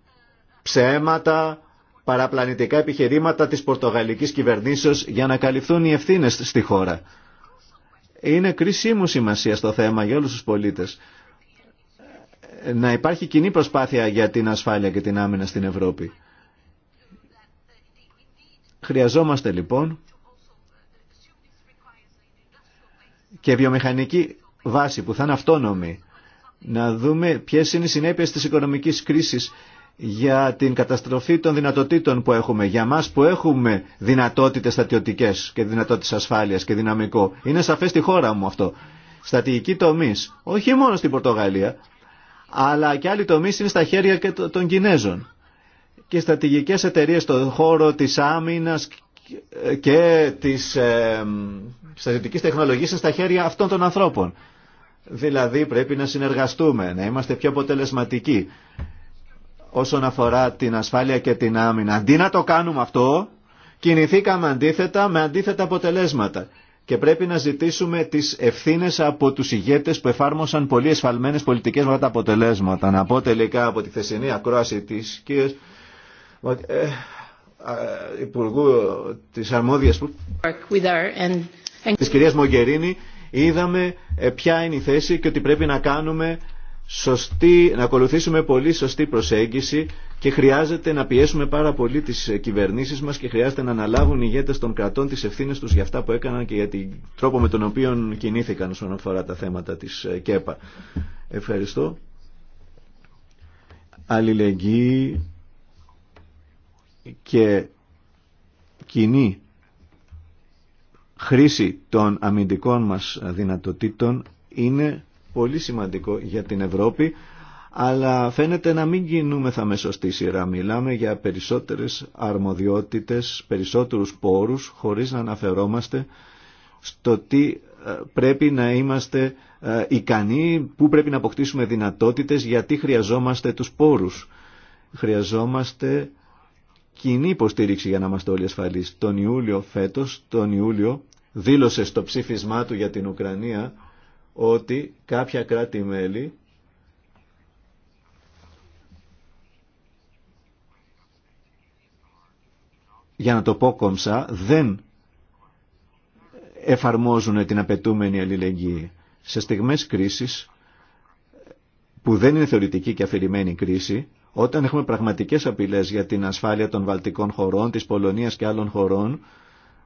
ψέματα, παραπλανητικά επιχειρήματα της πορτογαλικής κυβερνήσεως για να καλυφθούν οι ευθύνες στη χώρα. Είναι κρίσιμο σημασία στο θέμα για όλους τους πολίτες να υπάρχει κοινή προσπάθεια για την ασφάλεια και την άμυνα στην Ευρώπη. Χρειαζόμαστε λοιπόν και βιομηχανική βάση που θα είναι αυτόνομη. Να δούμε ποιες είναι οι συνέπειες της οικονομικής κρίσης για την καταστροφή των δυνατοτήτων που έχουμε. Για μας που έχουμε δυνατότητες στατιωτικές και δυνατότητες ασφάλειας και δυναμικό. Είναι σαφές στη χώρα μου αυτό. Στατηγική τομής. Όχι μόνο στην Πορτογαλία αλλά και άλλοι τομείς είναι στα χέρια και των Κινέζων. Και οι στρατηγικές εταιρείες στον χώρο της άμυνας και της ε, τεχνολογία τεχνολογίας είναι στα χέρια αυτών των ανθρώπων. Δηλαδή πρέπει να συνεργαστούμε, να είμαστε πιο αποτελεσματικοί όσον αφορά την ασφάλεια και την άμυνα. Αντί να το κάνουμε αυτό, κινηθήκαμε αντίθετα με αντίθετα αποτελέσματα και πρέπει να ζητήσουμε τις ευθύνες από τους ηγέτες που εφάρμοσαν πολύ εσφαλμένες πολιτικές με τα αποτελέσματα. Να πω τελικά από τη θεσινή ακρόαση της κυρίας ε, ε, Υπουργού της Αρμόδιας της κυρίας Μογκερίνη είδαμε ε, ποια είναι η θέση και ότι πρέπει να κάνουμε σωστή, να ακολουθήσουμε πολύ σωστή προσέγγιση και χρειάζεται να πιέσουμε πάρα πολύ τις κυβερνήσεις μας και χρειάζεται να αναλάβουν οι ηγέτες των κρατών τις ευθύνες τους για αυτά που έκαναν και για τον τρόπο με τον οποίο κινήθηκαν όσον αφορά τα θέματα της ε, ΚΕΠΑ. Ευχαριστώ. Αλληλεγγύη και κοινή χρήση των αμυντικών μας δυνατοτήτων είναι πολύ σημαντικό για την Ευρώπη αλλά φαίνεται να μην κινούμεθα με σωστή σειρά. Μιλάμε για περισσότερες αρμοδιότητες, περισσότερους πόρους, χωρίς να αναφερόμαστε στο τι ε, πρέπει να είμαστε ε, ικανοί, πού πρέπει να αποκτήσουμε δυνατότητες, γιατί χρειαζόμαστε τους πόρους. Χρειαζόμαστε κοινή υποστήριξη για να είμαστε όλοι ασφαλείς. Τον Ιούλιο φέτος, τον Ιούλιο, δήλωσε στο ψήφισμά του για την Ουκρανία ότι κάποια κράτη-μέλη για να το πω κομψά, δεν εφαρμόζουν την απαιτούμενη αλληλεγγύη. Σε στιγμές κρίσης, που δεν είναι θεωρητική και αφηρημένη κρίση, όταν έχουμε πραγματικές απειλές για την ασφάλεια των βαλτικών χωρών, της Πολωνίας και άλλων χωρών,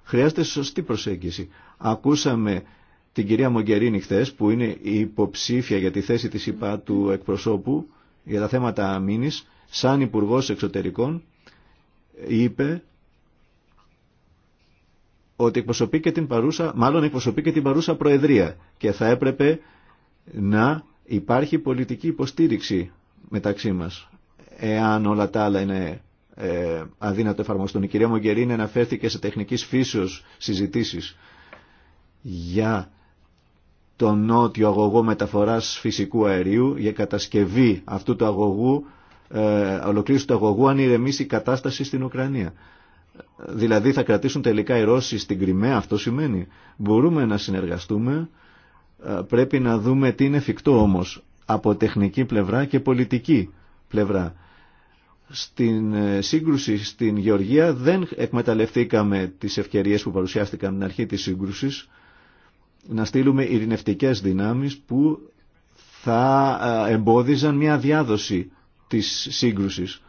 χρειάζεται σωστή προσέγγιση. Ακούσαμε την κυρία Μογκερίνη χθε, που είναι η υποψήφια για τη θέση της ΥΠΑ του εκπροσώπου για τα θέματα αμήνης, σαν υπουργό Εξωτερικών, είπε ότι εκπροσωπεί την παρούσα, μάλλον εκπροσωπεί και την παρούσα προεδρία και θα έπρεπε να υπάρχει πολιτική υποστήριξη μεταξύ μας εάν όλα τα άλλα είναι ε, αδύνατο εφαρμοστούν. Η κυρία Μογκερίνη αναφέρθηκε σε τεχνικής φύσεως συζητήσεις για τον νότιο αγωγό μεταφοράς φυσικού αερίου, για κατασκευή αυτού του αγωγού, ε, ολοκλήρωση του αγωγού, αν ηρεμήσει η κατάσταση στην Ουκρανία. Δηλαδή θα κρατήσουν τελικά οι Ρώσοι στην Κρυμαία, αυτό σημαίνει. Μπορούμε να συνεργαστούμε, ε, πρέπει να δούμε τι είναι εφικτό όμως από τεχνική πλευρά και πολιτική πλευρά. Στην ε, σύγκρουση στην Γεωργία δεν εκμεταλλευτήκαμε τις ευκαιρίες που παρουσιάστηκαν την αρχή της σύγκρουσης να στείλουμε ειρηνευτικές δυνάμεις που θα ε, εμποδιζαν μια διάδοση της σύγκρουσης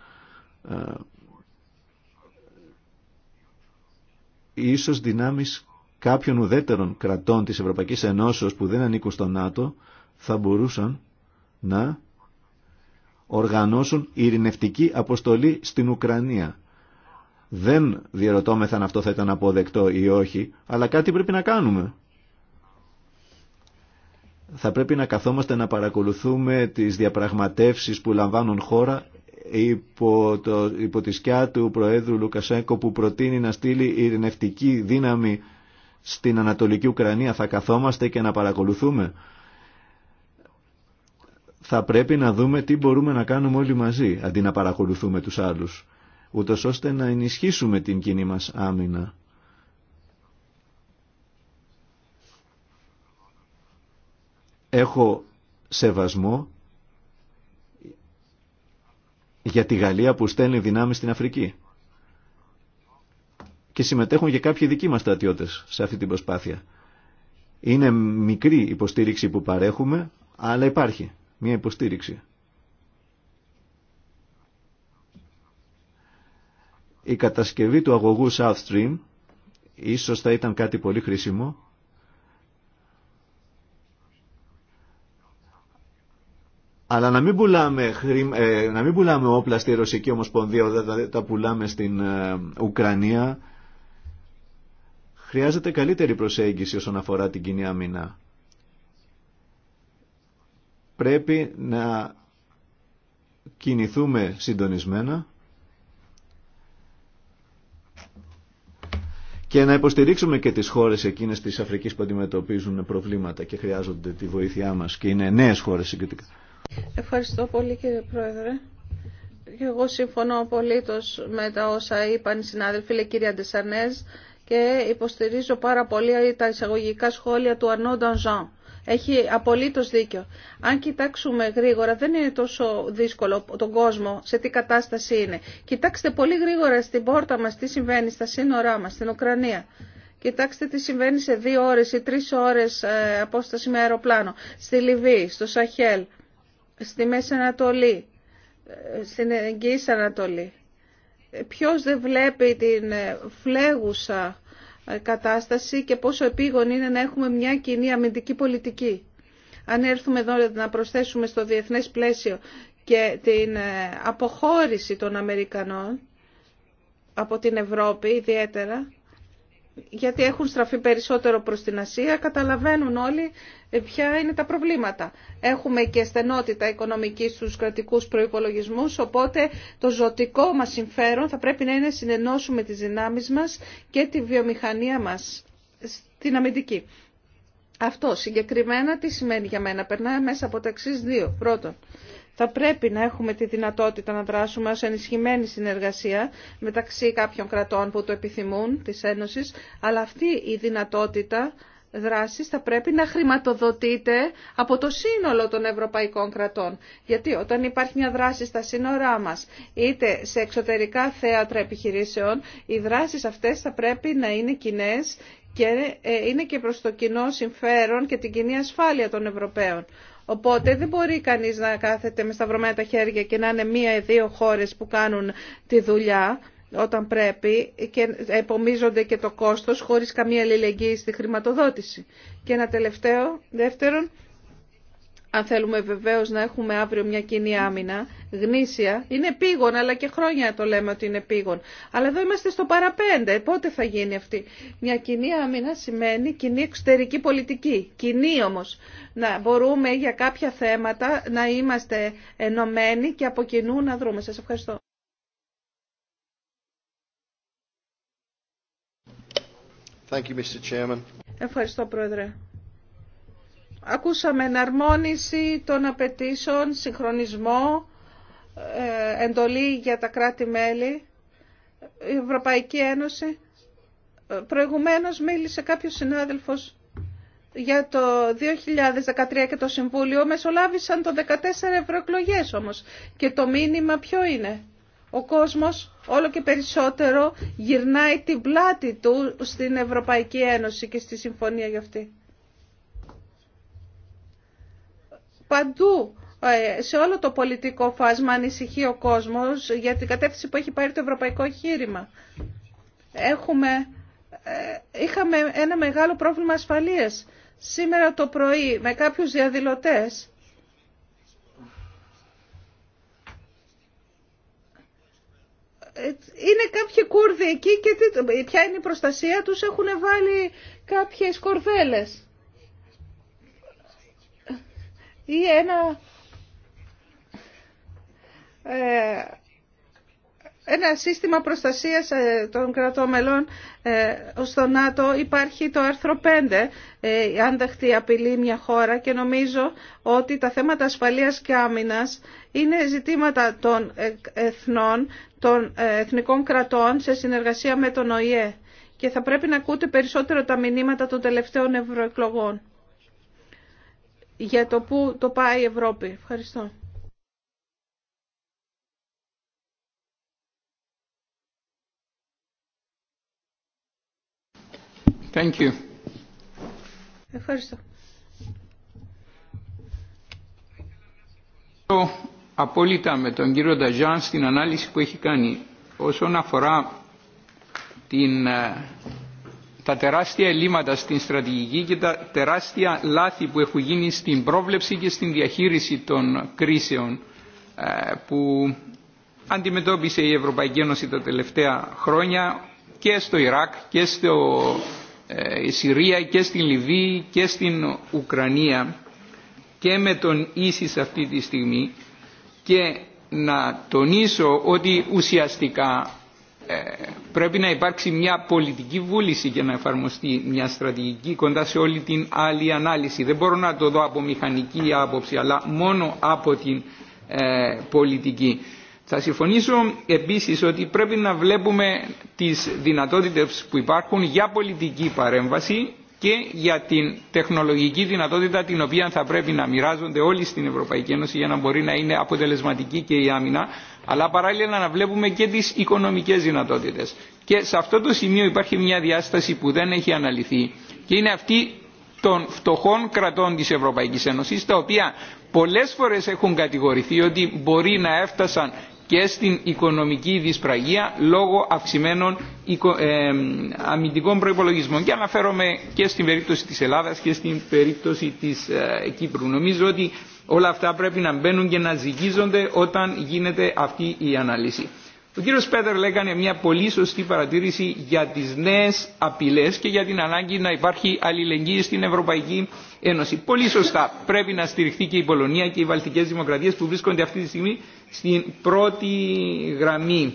ίσως δυνάμεις κάποιων ουδέτερων κρατών της Ευρωπαϊκής Ενώσεως που δεν ανήκουν στο ΝΑΤΟ θα μπορούσαν να οργανώσουν ειρηνευτική αποστολή στην Ουκρανία. Δεν διαρωτώμεθα αν αυτό θα ήταν αποδεκτό ή όχι, αλλά κάτι πρέπει να κάνουμε. Θα πρέπει να καθόμαστε να παρακολουθούμε τις διαπραγματεύσεις που λαμβάνουν χώρα υπό, το, υπό τη σκιά του Προέδρου Λουκασέκο που προτείνει να στείλει ειρηνευτική δύναμη στην Ανατολική Ουκρανία θα καθόμαστε και να παρακολουθούμε. Θα πρέπει να δούμε τι μπορούμε να κάνουμε όλοι μαζί αντί να παρακολουθούμε τους άλλους ούτως ώστε να ενισχύσουμε την κοινή μας άμυνα. Έχω σεβασμό για τη Γαλλία που στέλνει δυνάμεις στην Αφρική. Και συμμετέχουν και κάποιοι δικοί μας στρατιώτες σε αυτή την προσπάθεια. Είναι μικρή υποστήριξη που παρέχουμε, αλλά υπάρχει μια υποστήριξη. Η κατασκευή του αγωγού South Stream ίσως θα ήταν κάτι πολύ χρήσιμο Αλλά να μην, πουλάμε, ε, πουλάμε όπλα στη Ρωσική Ομοσπονδία όταν τα πουλάμε στην ε, Ουκρανία. Χρειάζεται καλύτερη προσέγγιση όσον αφορά την κοινή αμυνά. Πρέπει να κινηθούμε συντονισμένα και να υποστηρίξουμε και τις χώρες εκείνες της Αφρικής που αντιμετωπίζουν προβλήματα και χρειάζονται τη βοήθειά μας και είναι νέες χώρες συγκριτικά. Ευχαριστώ πολύ κύριε Πρόεδρε. Και εγώ συμφωνώ απολύτως με τα όσα είπαν οι συνάδελφοι, λέει κυρία Ντεσανές, και υποστηρίζω πάρα πολύ τα εισαγωγικά σχόλια του Αρνό Ντανζάν. Έχει απολύτως δίκιο. Αν κοιτάξουμε γρήγορα, δεν είναι τόσο δύσκολο τον κόσμο σε τι κατάσταση είναι. Κοιτάξτε πολύ γρήγορα στην πόρτα μας τι συμβαίνει στα σύνορά μας, στην Ουκρανία. Κοιτάξτε τι συμβαίνει σε δύο ώρες ή τρεις ώρες ε, απόσταση με αεροπλάνο, στη Λιβύη, στο Σαχέλ στη Μέση Ανατολή, ε, στην Εγγύης Ανατολή. Ε, ποιος δεν βλέπει την ε, φλέγουσα κατάσταση και πόσο επίγον είναι να έχουμε μια κοινή αμυντική πολιτική. Αν έρθουμε εδώ να προσθέσουμε στο διεθνές πλαίσιο και την αποχώρηση των Αμερικανών από την Ευρώπη ιδιαίτερα, γιατί έχουν στραφεί περισσότερο προς την Ασία, καταλαβαίνουν όλοι ε, ποια είναι τα προβλήματα. Έχουμε και στενότητα οικονομική στους κρατικούς προϋπολογισμούς, οπότε το ζωτικό μας συμφέρον θα πρέπει να είναι συνενώσουμε τις δυνάμεις μας και τη βιομηχανία μας την αμυντική. Αυτό συγκεκριμένα τι σημαίνει για μένα. Περνάει μέσα από τα εξή δύο. Πρώτον, θα πρέπει να έχουμε τη δυνατότητα να δράσουμε ως ενισχυμένη συνεργασία μεταξύ κάποιων κρατών που το επιθυμούν της Ένωσης, αλλά αυτή η δυνατότητα δράσης θα πρέπει να χρηματοδοτείται από το σύνολο των ευρωπαϊκών κρατών. Γιατί όταν υπάρχει μια δράση στα σύνορά μας, είτε σε εξωτερικά θέατρα επιχειρήσεων, οι δράσεις αυτές θα πρέπει να είναι κοινέ και ε, είναι και προς το κοινό συμφέρον και την κοινή ασφάλεια των Ευρωπαίων. Οπότε δεν μπορεί κανείς να κάθεται με σταυρωμένα τα χέρια και να είναι μία ή δύο χώρες που κάνουν τη δουλειά όταν πρέπει και επομίζονται και το κόστος χωρίς καμία αλληλεγγύη στη χρηματοδότηση. Και ένα τελευταίο, δεύτερον, αν θέλουμε βεβαίως να έχουμε αύριο μια κοινή άμυνα, γνήσια, είναι πήγον αλλά και χρόνια το λέμε ότι είναι πήγον. Αλλά εδώ είμαστε στο παραπέντε, πότε θα γίνει αυτή. Μια κοινή άμυνα σημαίνει κοινή εξωτερική πολιτική, κοινή όμως. Να μπορούμε για κάποια θέματα να είμαστε ενωμένοι και από κοινού να δρούμε. Σας ευχαριστώ. Thank you, Mr. Chairman. Ευχαριστώ, Πρόεδρε. Ακούσαμε εναρμόνιση των απαιτήσεων, συγχρονισμό, ε, εντολή για τα κράτη-μέλη, η Ευρωπαϊκή Ένωση. Ε, προηγουμένως μίλησε κάποιος συνάδελφος για το 2013 και το Συμβούλιο μεσολάβησαν το 14 ευρωεκλογέ όμως. Και το μήνυμα ποιο είναι. Ο κόσμος όλο και περισσότερο γυρνάει την πλάτη του στην Ευρωπαϊκή Ένωση και στη συμφωνία για αυτή. παντού ε, σε όλο το πολιτικό φάσμα ανησυχεί ο κόσμος για την κατεύθυνση που έχει πάρει το ευρωπαϊκό χείρημα. Έχουμε, ε, είχαμε ένα μεγάλο πρόβλημα ασφαλείας σήμερα το πρωί με κάποιους διαδηλωτές. Ε, είναι κάποιοι Κούρδοι εκεί και ποια είναι η προστασία τους, έχουν βάλει κάποιες κορδέλες ή ένα, ε, ένα σύστημα προστασίας ε, των κρατών μελών στο ε, ΝΑΤΟ υπάρχει το άρθρο 5 η άνταχτη απειλή μια χώρα και νομίζω ότι τα θέματα ασφαλείας και άμυνας είναι ζητήματα των εθνών, των εθνικών κρατών σε συνεργασία με τον ΟΗΕ και θα πρέπει να ακούτε περισσότερο τα μηνύματα των τελευταίων ευρωεκλογών για το που το πάει η Ευρώπη. Ευχαριστώ. Thank you. Ευχαριστώ. απόλυτα με τον κύριο Νταζάν στην ανάλυση που έχει κάνει όσον αφορά την ε, τα τεράστια ελλείμματα στην στρατηγική και τα τεράστια λάθη που έχουν γίνει στην πρόβλεψη και στην διαχείριση των κρίσεων ε, που αντιμετώπισε η Ευρωπαϊκή Ένωση τα τελευταία χρόνια και στο Ιράκ και στο ε, Συρία και στην Λιβύη και στην Ουκρανία και με τον Ίσης αυτή τη στιγμή και να τονίσω ότι ουσιαστικά ε, πρέπει να υπάρξει μια πολιτική βούληση για να εφαρμοστεί μια στρατηγική κοντά σε όλη την άλλη ανάλυση. Δεν μπορώ να το δω από μηχανική άποψη αλλά μόνο από την ε, πολιτική. Θα συμφωνήσω επίσης ότι πρέπει να βλέπουμε τις δυνατότητες που υπάρχουν για πολιτική παρέμβαση και για την τεχνολογική δυνατότητα την οποία θα πρέπει να μοιράζονται όλοι στην Ευρωπαϊκή Ένωση για να μπορεί να είναι αποτελεσματική και η άμυνα, αλλά παράλληλα να βλέπουμε και τις οικονομικές δυνατότητες. Και σε αυτό το σημείο υπάρχει μια διάσταση που δεν έχει αναλυθεί και είναι αυτή των φτωχών κρατών της Ευρωπαϊκής Ένωσης, τα οποία πολλές φορές έχουν κατηγορηθεί ότι μπορεί να έφτασαν και στην οικονομική δυσπραγία λόγω αυξημένων ε, αμυντικών προϋπολογισμών. Και αναφέρομαι και στην περίπτωση της Ελλάδας και στην περίπτωση της ε, Κύπρου. Νομίζω ότι όλα αυτά πρέπει να μπαίνουν και να ζυγίζονται όταν γίνεται αυτή η αναλύση. Ο κύριος Πέτερ λέγανε μια πολύ σωστή παρατήρηση για τις νέες απειλές και για την ανάγκη να υπάρχει αλληλεγγύη στην Ευρωπαϊκή Ένωση. Πολύ σωστά πρέπει να στηριχθεί και η Πολωνία και οι Βαλτικές Δημοκρατίες που βρίσκονται αυτή τη στιγμή στην πρώτη γραμμή.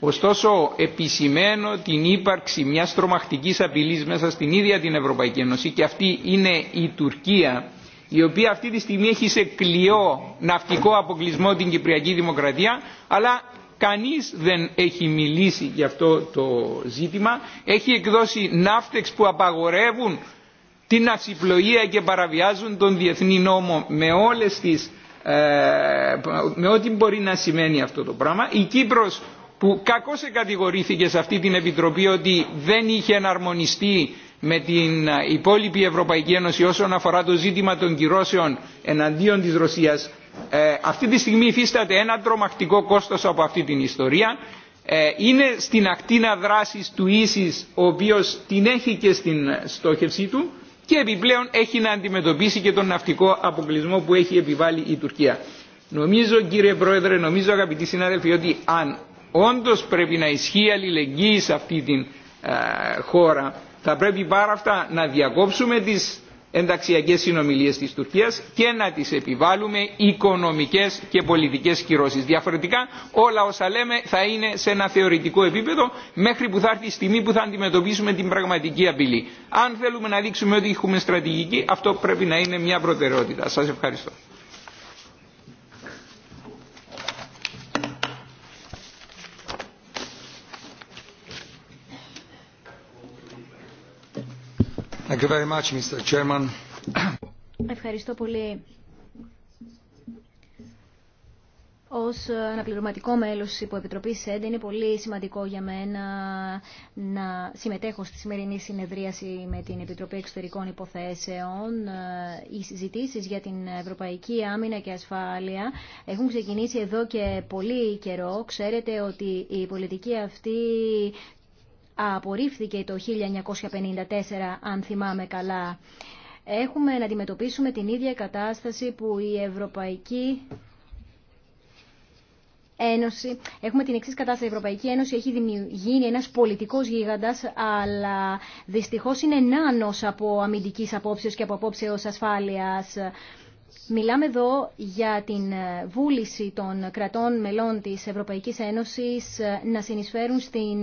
Ωστόσο, επισημαίνω την ύπαρξη μιας τρομακτικής απειλής μέσα στην ίδια την Ευρωπαϊκή Ένωση και αυτή είναι η Τουρκία η οποία αυτή τη στιγμή έχει σε κλειό ναυτικό αποκλεισμό την Κυπριακή Δημοκρατία, αλλά κανείς δεν έχει μιλήσει για αυτό το ζήτημα. Έχει εκδώσει ναύτεξ που απαγορεύουν την αυσιπλοεία και παραβιάζουν τον διεθνή νόμο με όλες τις ε, με ό,τι μπορεί να σημαίνει αυτό το πράγμα. Η Κύπρος που κακώς εκατηγορήθηκε σε αυτή την Επιτροπή ότι δεν είχε εναρμονιστεί με την ε, υπόλοιπη Ευρωπαϊκή Ένωση όσον αφορά το ζήτημα των κυρώσεων εναντίον της Ρωσίας ε, αυτή τη στιγμή υφίσταται ένα τρομακτικό κόστος από αυτή την ιστορία ε, είναι στην ακτίνα δράσης του Ίσης ο οποίος την έχει και στην στόχευσή του και επιπλέον έχει να αντιμετωπίσει και τον ναυτικό αποκλεισμό που έχει επιβάλει η Τουρκία. Νομίζω κύριε Πρόεδρε, νομίζω αγαπητοί συνάδελφοι ότι αν όντως πρέπει να ισχύει αλληλεγγύη σε αυτή την ε, χώρα θα πρέπει πάρα αυτά να διακόψουμε τις ενταξιακές συνομιλίες της Τουρκίας και να τις επιβάλλουμε οικονομικές και πολιτικές κυρώσεις. Διαφορετικά όλα όσα λέμε θα είναι σε ένα θεωρητικό επίπεδο μέχρι που θα έρθει η στιγμή που θα αντιμετωπίσουμε την πραγματική απειλή. Αν θέλουμε να δείξουμε ότι έχουμε στρατηγική αυτό πρέπει να είναι μια προτεραιότητα. Σας ευχαριστώ. Mr. Ευχαριστώ πολύ. Ως ε, αναπληρωματικό μέλος της Υποεπιτροπής ΣΕΝΤ είναι πολύ σημαντικό για μένα να συμμετέχω στη σημερινή συνεδρίαση με την Επιτροπή Εξωτερικών Υποθέσεων. Ε, οι συζητήσει για την Ευρωπαϊκή Άμυνα και Ασφάλεια έχουν ξεκινήσει εδώ και πολύ καιρό. Ξέρετε ότι η πολιτική αυτή απορρίφθηκε το 1954 αν θυμάμαι καλά. Έχουμε να αντιμετωπίσουμε την ίδια κατάσταση που η Ευρωπαϊκή Ένωση. Έχουμε την εξή κατάσταση. Η Ευρωπαϊκή Ένωση έχει γίνει ένα πολιτικό γίγαντα, αλλά δυστυχώ είναι νάνο από αμυντική απόψεω και από απόψεω ασφάλεια. Μιλάμε εδώ για την βούληση των κρατών μελών της Ευρωπαϊκής Ένωσης να συνεισφέρουν στην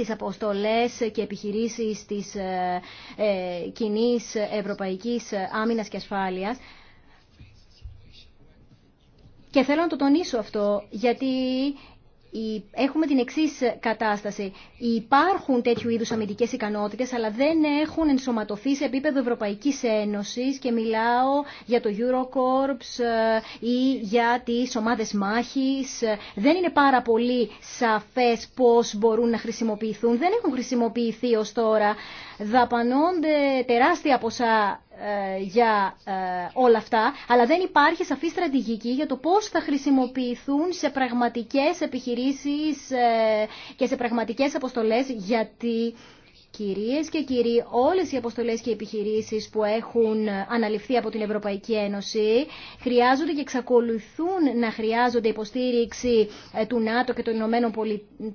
τις αποστολές και επιχειρήσεις της ε, ε, κοινή ευρωπαϊκής άμυνας και ασφάλειας. Και θέλω να το τονίσω αυτό, γιατί έχουμε την εξή ε, κατάσταση. Υπάρχουν τέτοιου είδου αμυντικέ ικανότητε, αλλά δεν έχουν ενσωματωθεί σε επίπεδο Ευρωπαϊκή Ένωση και μιλάω για το Eurocorps ε, ή για τι ομάδε μάχη. Ε, δεν είναι πάρα πολύ σαφέ πώ μπορούν να χρησιμοποιηθούν. Δεν έχουν χρησιμοποιηθεί ω τώρα. Δαπανώνται τεράστια ποσά ε, για ε, όλα αυτά, αλλά δεν υπάρχει σαφή στρατηγική για το πώς θα χρησιμοποιηθούν σε πραγματικές επιχειρήσεις ε, και σε πραγματικές αποστολές, γιατί Κυρίες και κύριοι, όλες οι αποστολές και επιχειρήσεις που έχουν αναλυφθεί από την Ευρωπαϊκή Ένωση χρειάζονται και εξακολουθούν να χρειάζονται υποστήριξη του ΝΑΤΟ και των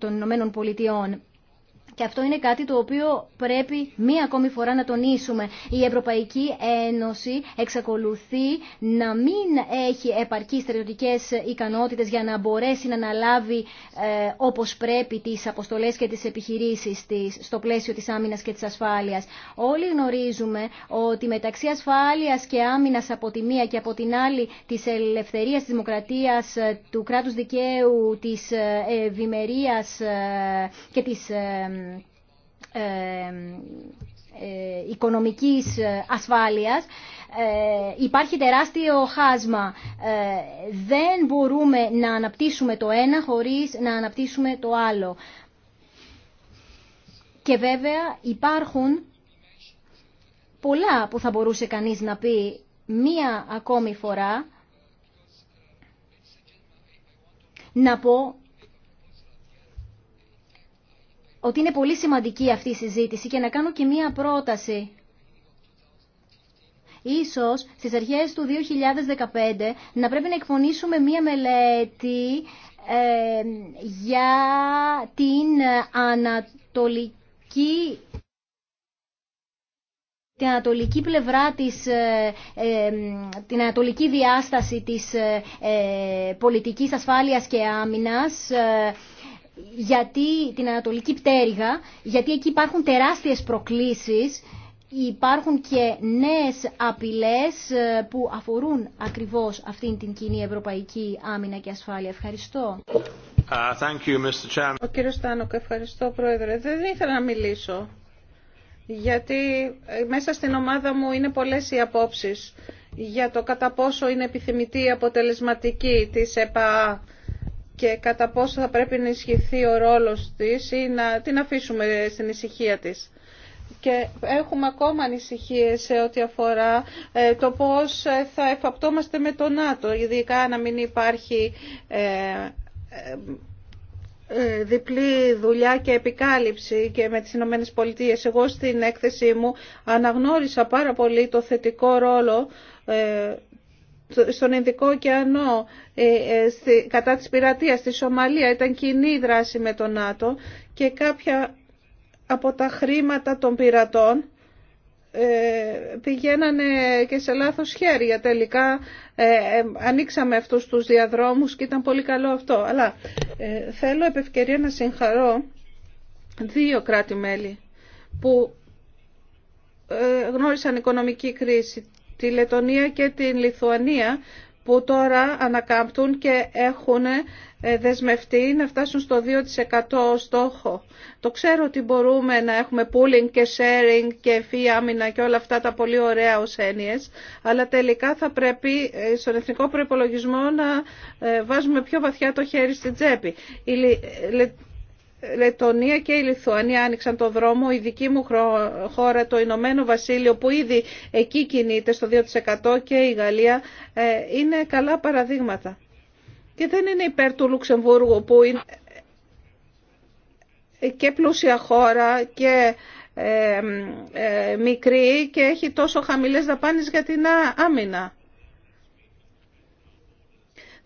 Ηνωμένων Πολιτειών. Και αυτό είναι κάτι το οποίο πρέπει μία ακόμη φορά να τονίσουμε. Η Ευρωπαϊκή Ένωση εξακολουθεί να μην έχει επαρκή στρατιωτικέ ικανότητες για να μπορέσει να αναλάβει ε, όπως πρέπει τις αποστολές και τις επιχειρήσεις της στο πλαίσιο της άμυνας και της ασφάλειας. Όλοι γνωρίζουμε ότι μεταξύ ασφάλειας και άμυνας από τη μία και από την άλλη της ελευθερίας, της δημοκρατίας, ε, του κράτους δικαίου, της ε, ευημερία ε, και της ε, οικονομικής ε, ασφάλειας ε, υπάρχει τεράστιο χάσμα. Δεν μπορούμε να αναπτύσσουμε το ένα χωρίς να αναπτύσσουμε το άλλο. Και βέβαια υπάρχουν πολλά που θα μπορούσε κανείς να πει μία ακόμη φορά να πω ότι είναι πολύ σημαντική αυτή η συζήτηση και να κάνω και μία πρόταση. Ίσως στις αρχές του 2015 να πρέπει να εκφωνήσουμε μία μελέτη ε, για την ανατολική την ανατολική πλευρά της, ε, ε, την ανατολική διάσταση της ε, ε πολιτικής ασφάλειας και άμυνας γιατί την Ανατολική Πτέρυγα, γιατί εκεί υπάρχουν τεράστιες προκλήσεις, υπάρχουν και νέες απειλές ε, που αφορούν ακριβώς αυτήν την κοινή ευρωπαϊκή άμυνα και ασφάλεια. Ευχαριστώ. thank you, Ο κύριος Τάνοκ, ευχαριστώ Πρόεδρε. Δεν ήθελα να μιλήσω, γιατί ε, μέσα στην ομάδα μου είναι πολλές οι απόψεις για το κατά πόσο είναι επιθυμητή η αποτελεσματική της ΕΠΑΑ και κατά πόσο θα πρέπει να ισχυθεί ο ρόλος της ή να την αφήσουμε στην ησυχία της. Και έχουμε ακόμα ανησυχίες σε ό,τι αφορά ε, το πώς ε, θα εφαπτώμαστε με το ΝΑΤΟ, ειδικά να μην υπάρχει ε, διπλή δουλειά και επικάλυψη και με τις Ηνωμένες Πολιτείες. Εγώ στην έκθεσή μου αναγνώρισα πάρα πολύ το θετικό ρόλο στον Ινδικό ωκεανό ε, ε, κατά της πειρατείας στη Σομαλία ήταν κοινή δράση με τον ΝΑΤΟ και κάποια από τα χρήματα των πειρατών ε, πηγαίνανε και σε λάθος χέρια τελικά ανοίξαμε αυτούς τους διαδρόμους και ήταν πολύ καλό αυτό αλλά θέλω επ' ευκαιρία να συγχαρώ δύο κράτη-μέλη που γνώρισαν οικονομική κρίση τη Λετωνία και την Λιθουανία που τώρα ανακάμπτουν και έχουν ε, δεσμευτεί να φτάσουν στο 2% στόχο. Το ξέρω ότι μπορούμε να έχουμε pooling και sharing και φύ άμυνα και όλα αυτά τα πολύ ωραία ως έννοιες, αλλά τελικά θα πρέπει ε, στον εθνικό προϋπολογισμό να ε, βάζουμε πιο βαθιά το χέρι στην τσέπη. Λετωνία και η Λιθουανία άνοιξαν το δρόμο, η δική μου χώρα, το Ηνωμένο Βασίλειο που ήδη εκεί κινείται στο 2% και η Γαλλία ε, είναι καλά παραδείγματα. Και δεν είναι υπέρ του Λουξεμβούργου που είναι και πλούσια χώρα και ε, ε, μικρή και έχει τόσο χαμηλές δαπάνες για την άμυνα.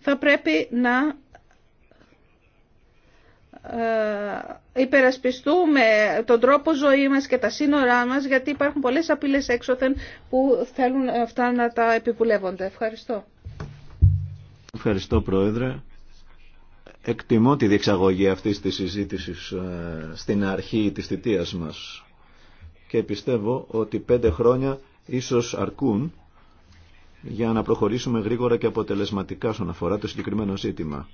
Θα πρέπει να ε, υπερασπιστούμε τον τρόπο ζωή μας και τα σύνορά μας γιατί υπάρχουν πολλές απειλές έξωθεν που θέλουν αυτά να τα επιβουλεύονται. Ευχαριστώ. Ευχαριστώ Πρόεδρε. Εκτιμώ τη διεξαγωγή αυτής της συζήτησης ε, στην αρχή της θητείας μας και πιστεύω ότι πέντε χρόνια ίσως αρκούν για να προχωρήσουμε γρήγορα και αποτελεσματικά στον αφορά το συγκεκριμένο ζήτημα.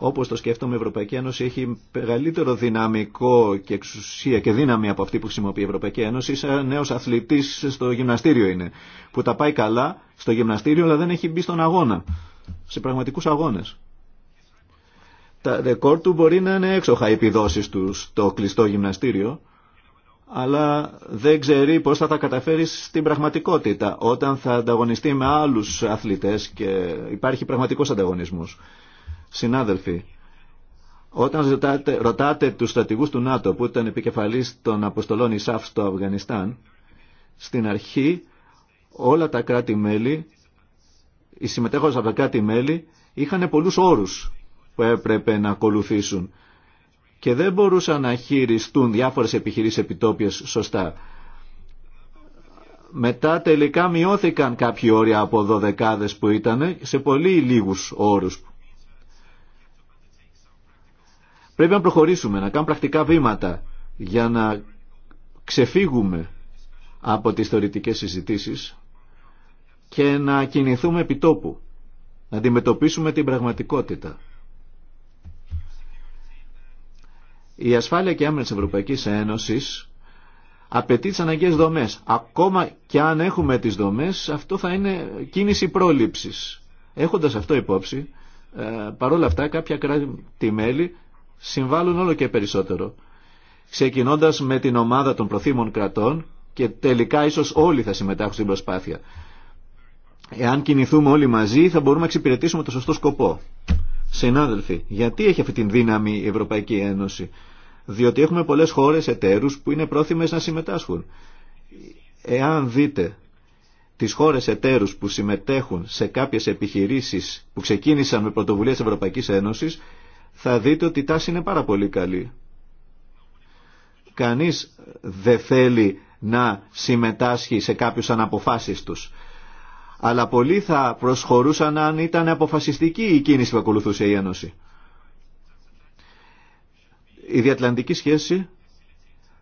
Όπω το σκέφτομαι, η Ευρωπαϊκή Ένωση έχει μεγαλύτερο δυναμικό και εξουσία και δύναμη από αυτή που χρησιμοποιεί η Ευρωπαϊκή Ένωση. Σαν νέο αθλητή στο γυμναστήριο είναι, που τα πάει καλά στο γυμναστήριο, αλλά δεν έχει μπει στον αγώνα, σε πραγματικού αγώνε. Τα ρεκόρ του μπορεί να είναι έξοχα οι επιδόσεις του στο κλειστό γυμναστήριο, αλλά δεν ξέρει πώς θα τα καταφέρει στην πραγματικότητα, όταν θα ανταγωνιστεί με άλλους αθλητές και υπάρχει πραγματικός ανταγωνισμός. Συνάδελφοι, όταν ρωτάτε, ρωτάτε τους στρατηγούς του ΝΑΤΟ που ήταν επικεφαλής των αποστολών Ισάφ στο Αφγανιστάν, στην αρχή όλα τα κράτη-μέλη, οι συμμετέχοντες από τα κράτη-μέλη, είχαν πολλούς όρους που έπρεπε να ακολουθήσουν και δεν μπορούσαν να χειριστούν διάφορες επιχειρήσεις επιτόπιες σωστά. Μετά τελικά μειώθηκαν κάποιοι όρια από δωδεκάδες που ήταν σε πολύ λίγους όρους Πρέπει να προχωρήσουμε, να κάνουμε πρακτικά βήματα για να ξεφύγουμε από τις θεωρητικές συζητήσεις και να κινηθούμε επιτόπου, να αντιμετωπίσουμε την πραγματικότητα. Η ασφάλεια και άμυνα της Ευρωπαϊκής Ένωσης απαιτεί τις αναγκαίες δομές. Ακόμα και αν έχουμε τις δομές, αυτό θα είναι κίνηση πρόληψης. Έχοντας αυτό υπόψη, ε, παρόλα αυτά κάποια κράτη-μέλη συμβάλλουν όλο και περισσότερο, ξεκινώντας με την ομάδα των προθύμων κρατών και τελικά ίσως όλοι θα συμμετάχουν στην προσπάθεια. Εάν κινηθούμε όλοι μαζί θα μπορούμε να εξυπηρετήσουμε το σωστό σκοπό. Συνάδελφοι, γιατί έχει αυτή την δύναμη η Ευρωπαϊκή Ένωση. Διότι έχουμε πολλές χώρες εταίρους που είναι πρόθυμες να συμμετάσχουν. Εάν δείτε τις χώρες εταίρους που συμμετέχουν σε κάποιες επιχειρήσεις που ξεκίνησαν με πρωτοβουλία της Ευρωπαϊκής Ένωσης, θα δείτε ότι η τάση είναι πάρα πολύ καλή. Κανείς δεν θέλει να συμμετάσχει σε κάποιους αναποφάσεις τους. Αλλά πολλοί θα προσχωρούσαν αν ήταν αποφασιστική η κίνηση που ακολουθούσε η Ένωση. Η διατλαντική σχέση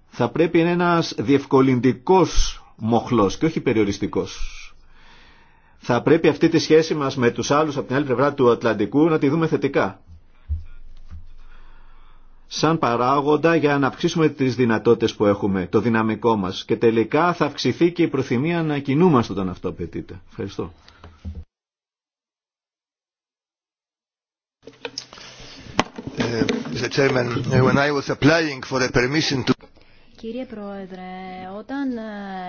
θα πρέπει να είναι ένας διευκολυντικός μοχλός και όχι περιοριστικός. Θα πρέπει αυτή τη σχέση μας με τους άλλους από την άλλη πλευρά του Ατλαντικού να τη δούμε θετικά σαν παράγοντα για να αυξήσουμε τις δυνατότητες που έχουμε, το δυναμικό μας και τελικά θα αυξηθεί και η προθυμία να κινούμαστε όταν αυτό απαιτείται. Ευχαριστώ. Ε, ε, Κύριε Πρόεδρε, όταν ε,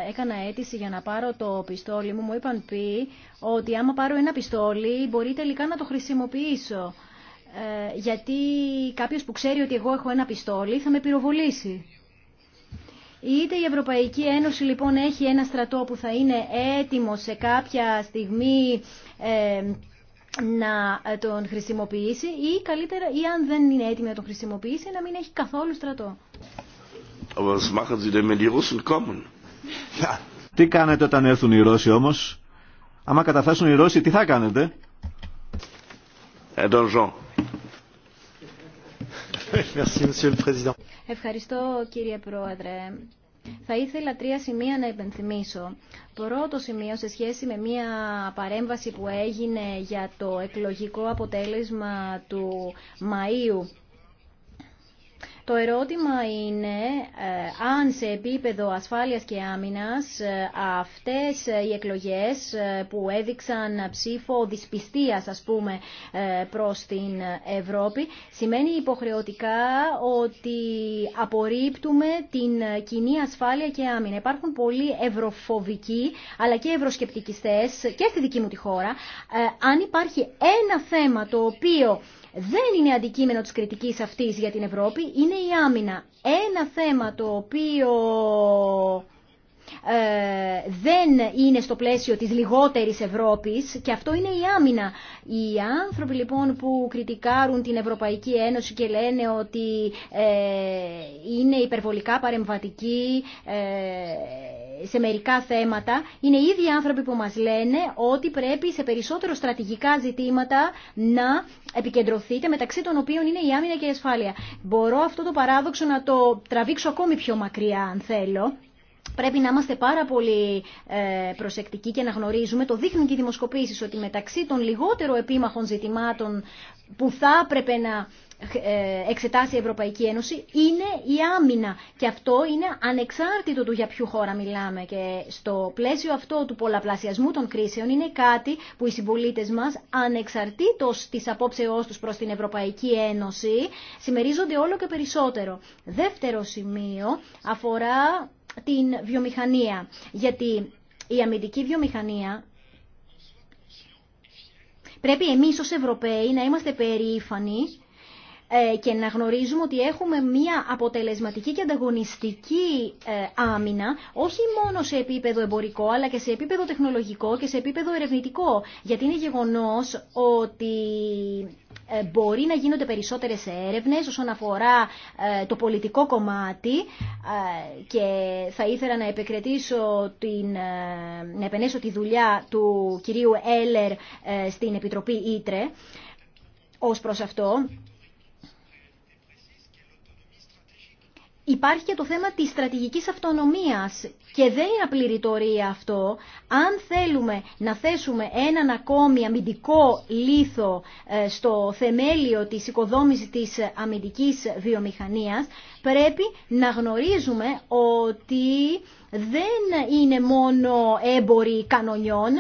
έκανα αίτηση για να πάρω το πιστόλι μου, μου είπαν πει ότι άμα πάρω ένα πιστόλι μπορεί τελικά να το χρησιμοποιήσω. Ε, γιατί κάποιος που ξέρει ότι εγώ έχω ένα πιστόλι θα με πυροβολήσει. Είτε η Ευρωπαϊκή Ένωση λοιπόν έχει ένα στρατό που θα είναι έτοιμο σε κάποια στιγμή ε, να τον χρησιμοποιήσει ή καλύτερα ή αν δεν είναι έτοιμο να τον χρησιμοποιήσει να μην έχει καθόλου στρατό. Τι κάνετε όταν έρθουν οι Ρώσοι όμως. Άμα καταφάσουν οι Ρώσοι τι θα κάνετε. Ευχαριστώ κύριε Πρόεδρε. Θα ήθελα τρία σημεία να υπενθυμίσω. Πρώτο σημείο σε σχέση με μια παρέμβαση που έγινε για το εκλογικό αποτέλεσμα του Μαΐου το ερώτημα είναι ε, αν σε επίπεδο ασφάλειας και άμυνας ε, αυτές ε, οι εκλογές που έδειξαν ψήφο δυσπιστίας ας πούμε προς την Ευρώπη σημαίνει υποχρεωτικά ότι απορρίπτουμε την κοινή ασφάλεια και άμυνα. Υπάρχουν πολλοί ευρωφοβικοί αλλά και ευρωσκεπτικιστές και στη δική μου τη χώρα. Αν υπάρχει ένα θέμα το οποίο δεν είναι αντικείμενο της κριτικής αυτής για την Ευρώπη, είναι η άμυνα. Ένα θέμα το οποίο ε, δεν είναι στο πλαίσιο της λιγότερης Ευρώπης και αυτό είναι η άμυνα. Οι άνθρωποι λοιπόν που κριτικάρουν την Ευρωπαϊκή Ένωση και λένε ότι ε, είναι υπερβολικά παρεμβατικοί ε, σε μερικά θέματα, είναι οι ίδιοι άνθρωποι που μας λένε ότι πρέπει σε περισσότερο στρατηγικά ζητήματα να επικεντρωθείτε, μεταξύ των οποίων είναι η άμυνα και η ασφάλεια. Μπορώ αυτό το παράδοξο να το τραβήξω ακόμη πιο μακριά, αν θέλω, Πρέπει να είμαστε πάρα πολύ ε, προσεκτικοί και να γνωρίζουμε, το δείχνουν και οι δημοσκοπήσεις, ότι μεταξύ των λιγότερο επίμαχων ζητημάτων που θα έπρεπε να ε, εξετάσει η Ευρωπαϊκή Ένωση είναι η άμυνα. Και αυτό είναι ανεξάρτητο του για ποιο χώρα μιλάμε. Και στο πλαίσιο αυτό του πολλαπλασιασμού των κρίσεων είναι κάτι που οι συμπολίτε μα, ανεξαρτήτω τη απόψεώ του προ την Ευρωπαϊκή Ένωση, συμμερίζονται όλο και περισσότερο. Δεύτερο σημείο αφορά την βιομηχανία. Γιατί η αμυντική βιομηχανία πρέπει εμείς ως Ευρωπαίοι να είμαστε περήφανοι ε, και να γνωρίζουμε ότι έχουμε μία αποτελεσματική και ανταγωνιστική ε, άμυνα, όχι μόνο σε επίπεδο εμπορικό, αλλά και σε επίπεδο τεχνολογικό και σε επίπεδο ερευνητικό. Γιατί είναι γεγονός ότι ε, μπορεί να γίνονται περισσότερες έρευνες όσον αφορά το πολιτικό κομμάτι και θα ήθελα να επεκρετήσω την, να επενέσω τη δουλειά του κυρίου Έλερ στην Επιτροπή Ήτρε ως προς αυτό υπάρχει και το θέμα της στρατηγικής αυτονομίας και δεν είναι αυτό. Αν θέλουμε να θέσουμε έναν ακόμη αμυντικό λίθο ε, στο θεμέλιο της οικοδόμησης της αμυντικής βιομηχανίας, πρέπει να γνωρίζουμε ότι δεν είναι μόνο έμποροι κανονιών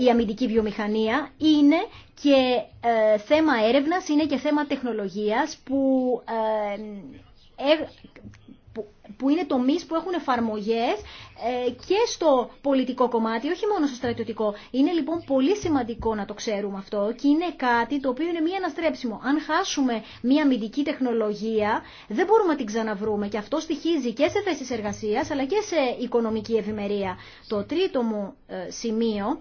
ε, η αμυντική βιομηχανία, είναι και ε, θέμα έρευνας, είναι και θέμα τεχνολογίας που ε, που είναι τομείς που έχουν εφαρμογές ε, και στο πολιτικό κομμάτι, όχι μόνο στο στρατιωτικό. Είναι λοιπόν πολύ σημαντικό να το ξέρουμε αυτό και είναι κάτι το οποίο είναι μία αναστρέψιμο. Αν χάσουμε μία αμυντική τεχνολογία, δεν μπορούμε να την ξαναβρούμε και αυτό στοιχίζει και σε θέσεις εργασίας αλλά και σε οικονομική ευημερία. Το τρίτο μου ε, σημείο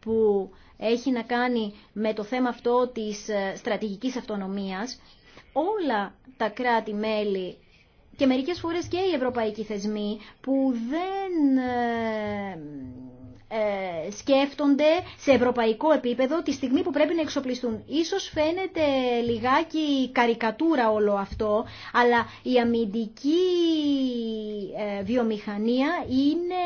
που έχει να κάνει με το θέμα αυτό της στρατηγικής αυτονομίας όλα τα κράτη-μέλη και μερικές φορές και οι ευρωπαϊκοί θεσμοί που δεν ε, ε, σκέφτονται σε ευρωπαϊκό επίπεδο τη στιγμή που πρέπει να εξοπλιστούν. Ίσως φαίνεται λιγάκι καρικατούρα όλο αυτό, αλλά η αμυντική ε, βιομηχανία είναι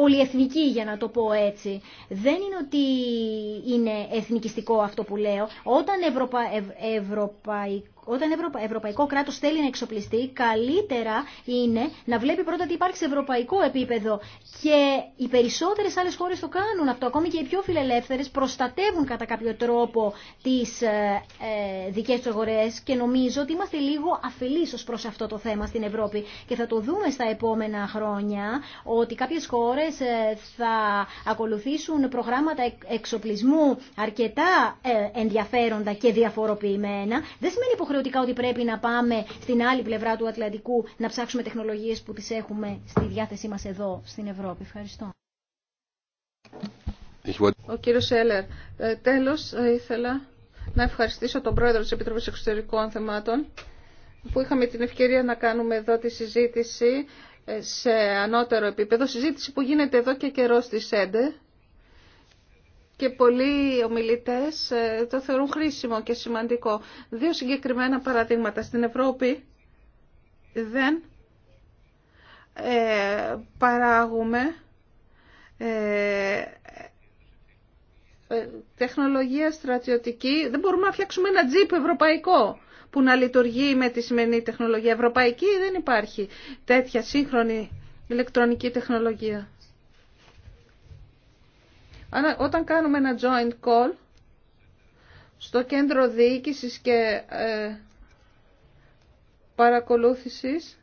πολυεθνική για να το πω έτσι. Δεν είναι ότι είναι εθνικιστικό αυτό που λέω. Όταν ευρωπαϊκό όταν ευρωπαϊκό κράτο θέλει να εξοπλιστεί, καλύτερα είναι να βλέπει πρώτα τι υπάρχει σε ευρωπαϊκό επίπεδο. Και οι περισσότερε άλλε χώρε το κάνουν αυτό. Ακόμη και οι πιο φιλελεύθερε προστατεύουν κατά κάποιο τρόπο τι ε, ε δικέ του αγορέ και νομίζω ότι είμαστε λίγο αφιλεί ω προ αυτό το θέμα στην Ευρώπη. Και θα το δούμε στα επόμενα χρόνια ότι κάποιε χώρε ε, θα ακολουθήσουν προγράμματα εξοπλισμού αρκετά ε, ενδιαφέροντα και διαφοροποιημένα. Δεν σημαίνει υποχρεωτικά υποχρεωτικά ότι πρέπει να πάμε στην άλλη πλευρά του Ατλαντικού να ψάξουμε τεχνολογίες που τις έχουμε στη διάθεσή μα εδώ στην Ευρώπη. Ευχαριστώ. Ο κύριος Έλερ, ε, τέλος ε, ήθελα να ευχαριστήσω τον πρόεδρο τη Επιτροπή Εξωτερικών Θεμάτων που είχαμε την ευκαιρία να κάνουμε εδώ τη συζήτηση ε, σε ανώτερο επίπεδο, συζήτηση που γίνεται εδώ και καιρό στη ΣΕΝΤΕ και πολλοί ομιλητές ε, το θεωρούν χρήσιμο και σημαντικό. Δύο συγκεκριμένα παραδείγματα. Στην Ευρώπη δεν ε, παράγουμε ε, τεχνολογία στρατιωτική. Δεν μπορούμε να φτιάξουμε ένα τζιπ ευρωπαϊκό που να λειτουργεί με τη σημερινή τεχνολογία. Ευρωπαϊκή δεν υπάρχει τέτοια σύγχρονη ηλεκτρονική τεχνολογία. Όταν κάνουμε ένα joint call στο κέντρο διοίκησης και ε, παρακολούθησης,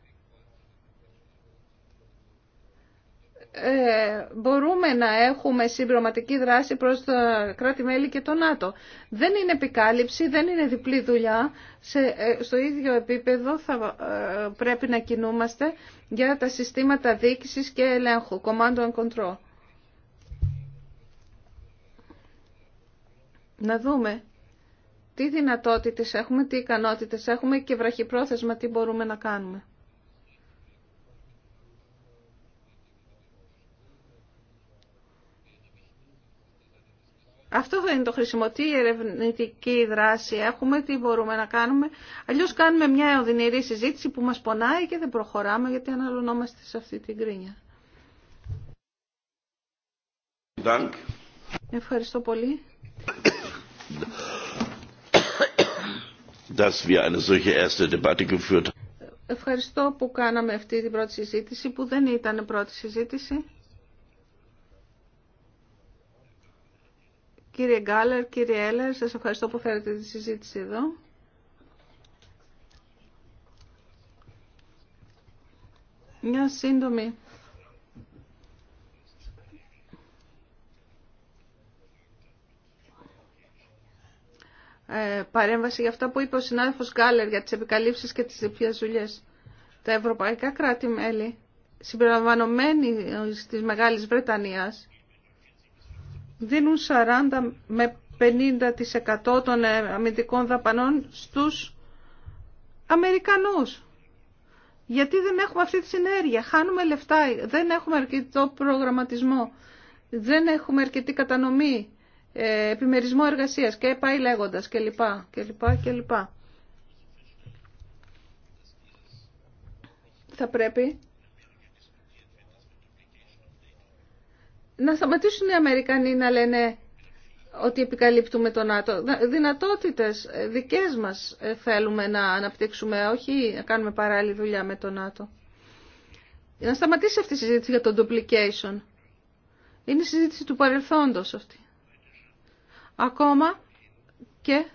ε, μπορούμε να έχουμε συμπληρωματική δράση προς τα κράτη-μέλη και το ΝΑΤΟ. Δεν είναι επικάλυψη, δεν είναι διπλή δουλειά. Σε, ε, στο ίδιο επίπεδο θα πρέπει να κινούμαστε για τα συστήματα διοίκησης και ελέγχου, command and control. να δούμε τι δυνατότητες έχουμε, τι ικανότητες έχουμε και βραχυπρόθεσμα τι μπορούμε να κάνουμε. Αυτό θα είναι το χρήσιμο. Τι ερευνητική δράση έχουμε, τι μπορούμε να κάνουμε. Αλλιώς κάνουμε μια οδυνηρή συζήτηση που μας πονάει και δεν προχωράμε γιατί αναλωνόμαστε σε αυτή την κρίνια. Ευχαριστώ πολύ. Ευχαριστώ που κάναμε αυτή την πρώτη συζήτηση που δεν ήταν πρώτη συζήτηση. Κύριε Γκάλερ, κύριε Έλερ, σας ευχαριστώ που φέρετε τη συζήτηση εδώ. Μια σύντομη Ε, παρέμβαση για αυτά που είπε ο συνάδελφος Γκάλερ για τις επικαλύψεις και τις διπλές δουλειές. Τα ευρωπαϊκά κράτη-μέλη, συμπεριλαμβανομένοι της Μεγάλης Βρετανίας, δίνουν 40 με 50% των ε, αμυντικών δαπανών στους Αμερικανούς. Γιατί δεν έχουμε αυτή τη συνέργεια, χάνουμε λεφτά, δεν έχουμε αρκετό προγραμματισμό, δεν έχουμε αρκετή κατανομή ε, επιμερισμό εργασίας και πάει λέγοντας και λοιπά και λοιπά και λοιπά. Θα πρέπει να σταματήσουν οι Αμερικανοί να λένε ότι επικαλύπτουμε τον ΝΑΤΟ. Δυνατότητες δικές μας ε, θέλουμε να αναπτύξουμε, όχι να κάνουμε παράλληλη δουλειά με τον ΝΑΤΟ. Να σταματήσει αυτή η συζήτηση για το duplication. Είναι η συζήτηση του παρελθόντος αυτή. Ακόμα και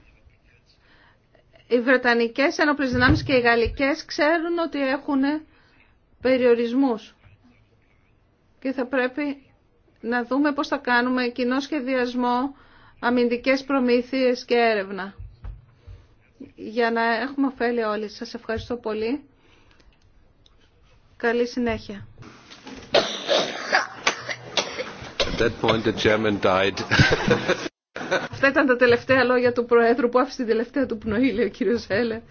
οι Βρετανικές ενόπλες δυνάμεις και οι Γαλλικές ξέρουν ότι έχουν περιορισμούς και θα πρέπει να δούμε πώς θα κάνουμε κοινό σχεδιασμό, αμυντικές προμήθειες και έρευνα. Για να έχουμε ωφέλη όλοι. Σας ευχαριστώ πολύ. Καλή συνέχεια. that point the chairman Αυτά ήταν τα τελευταία λόγια του Προέδρου που άφησε την τελευταία του πνοή, λέει ο κύριος Έλε.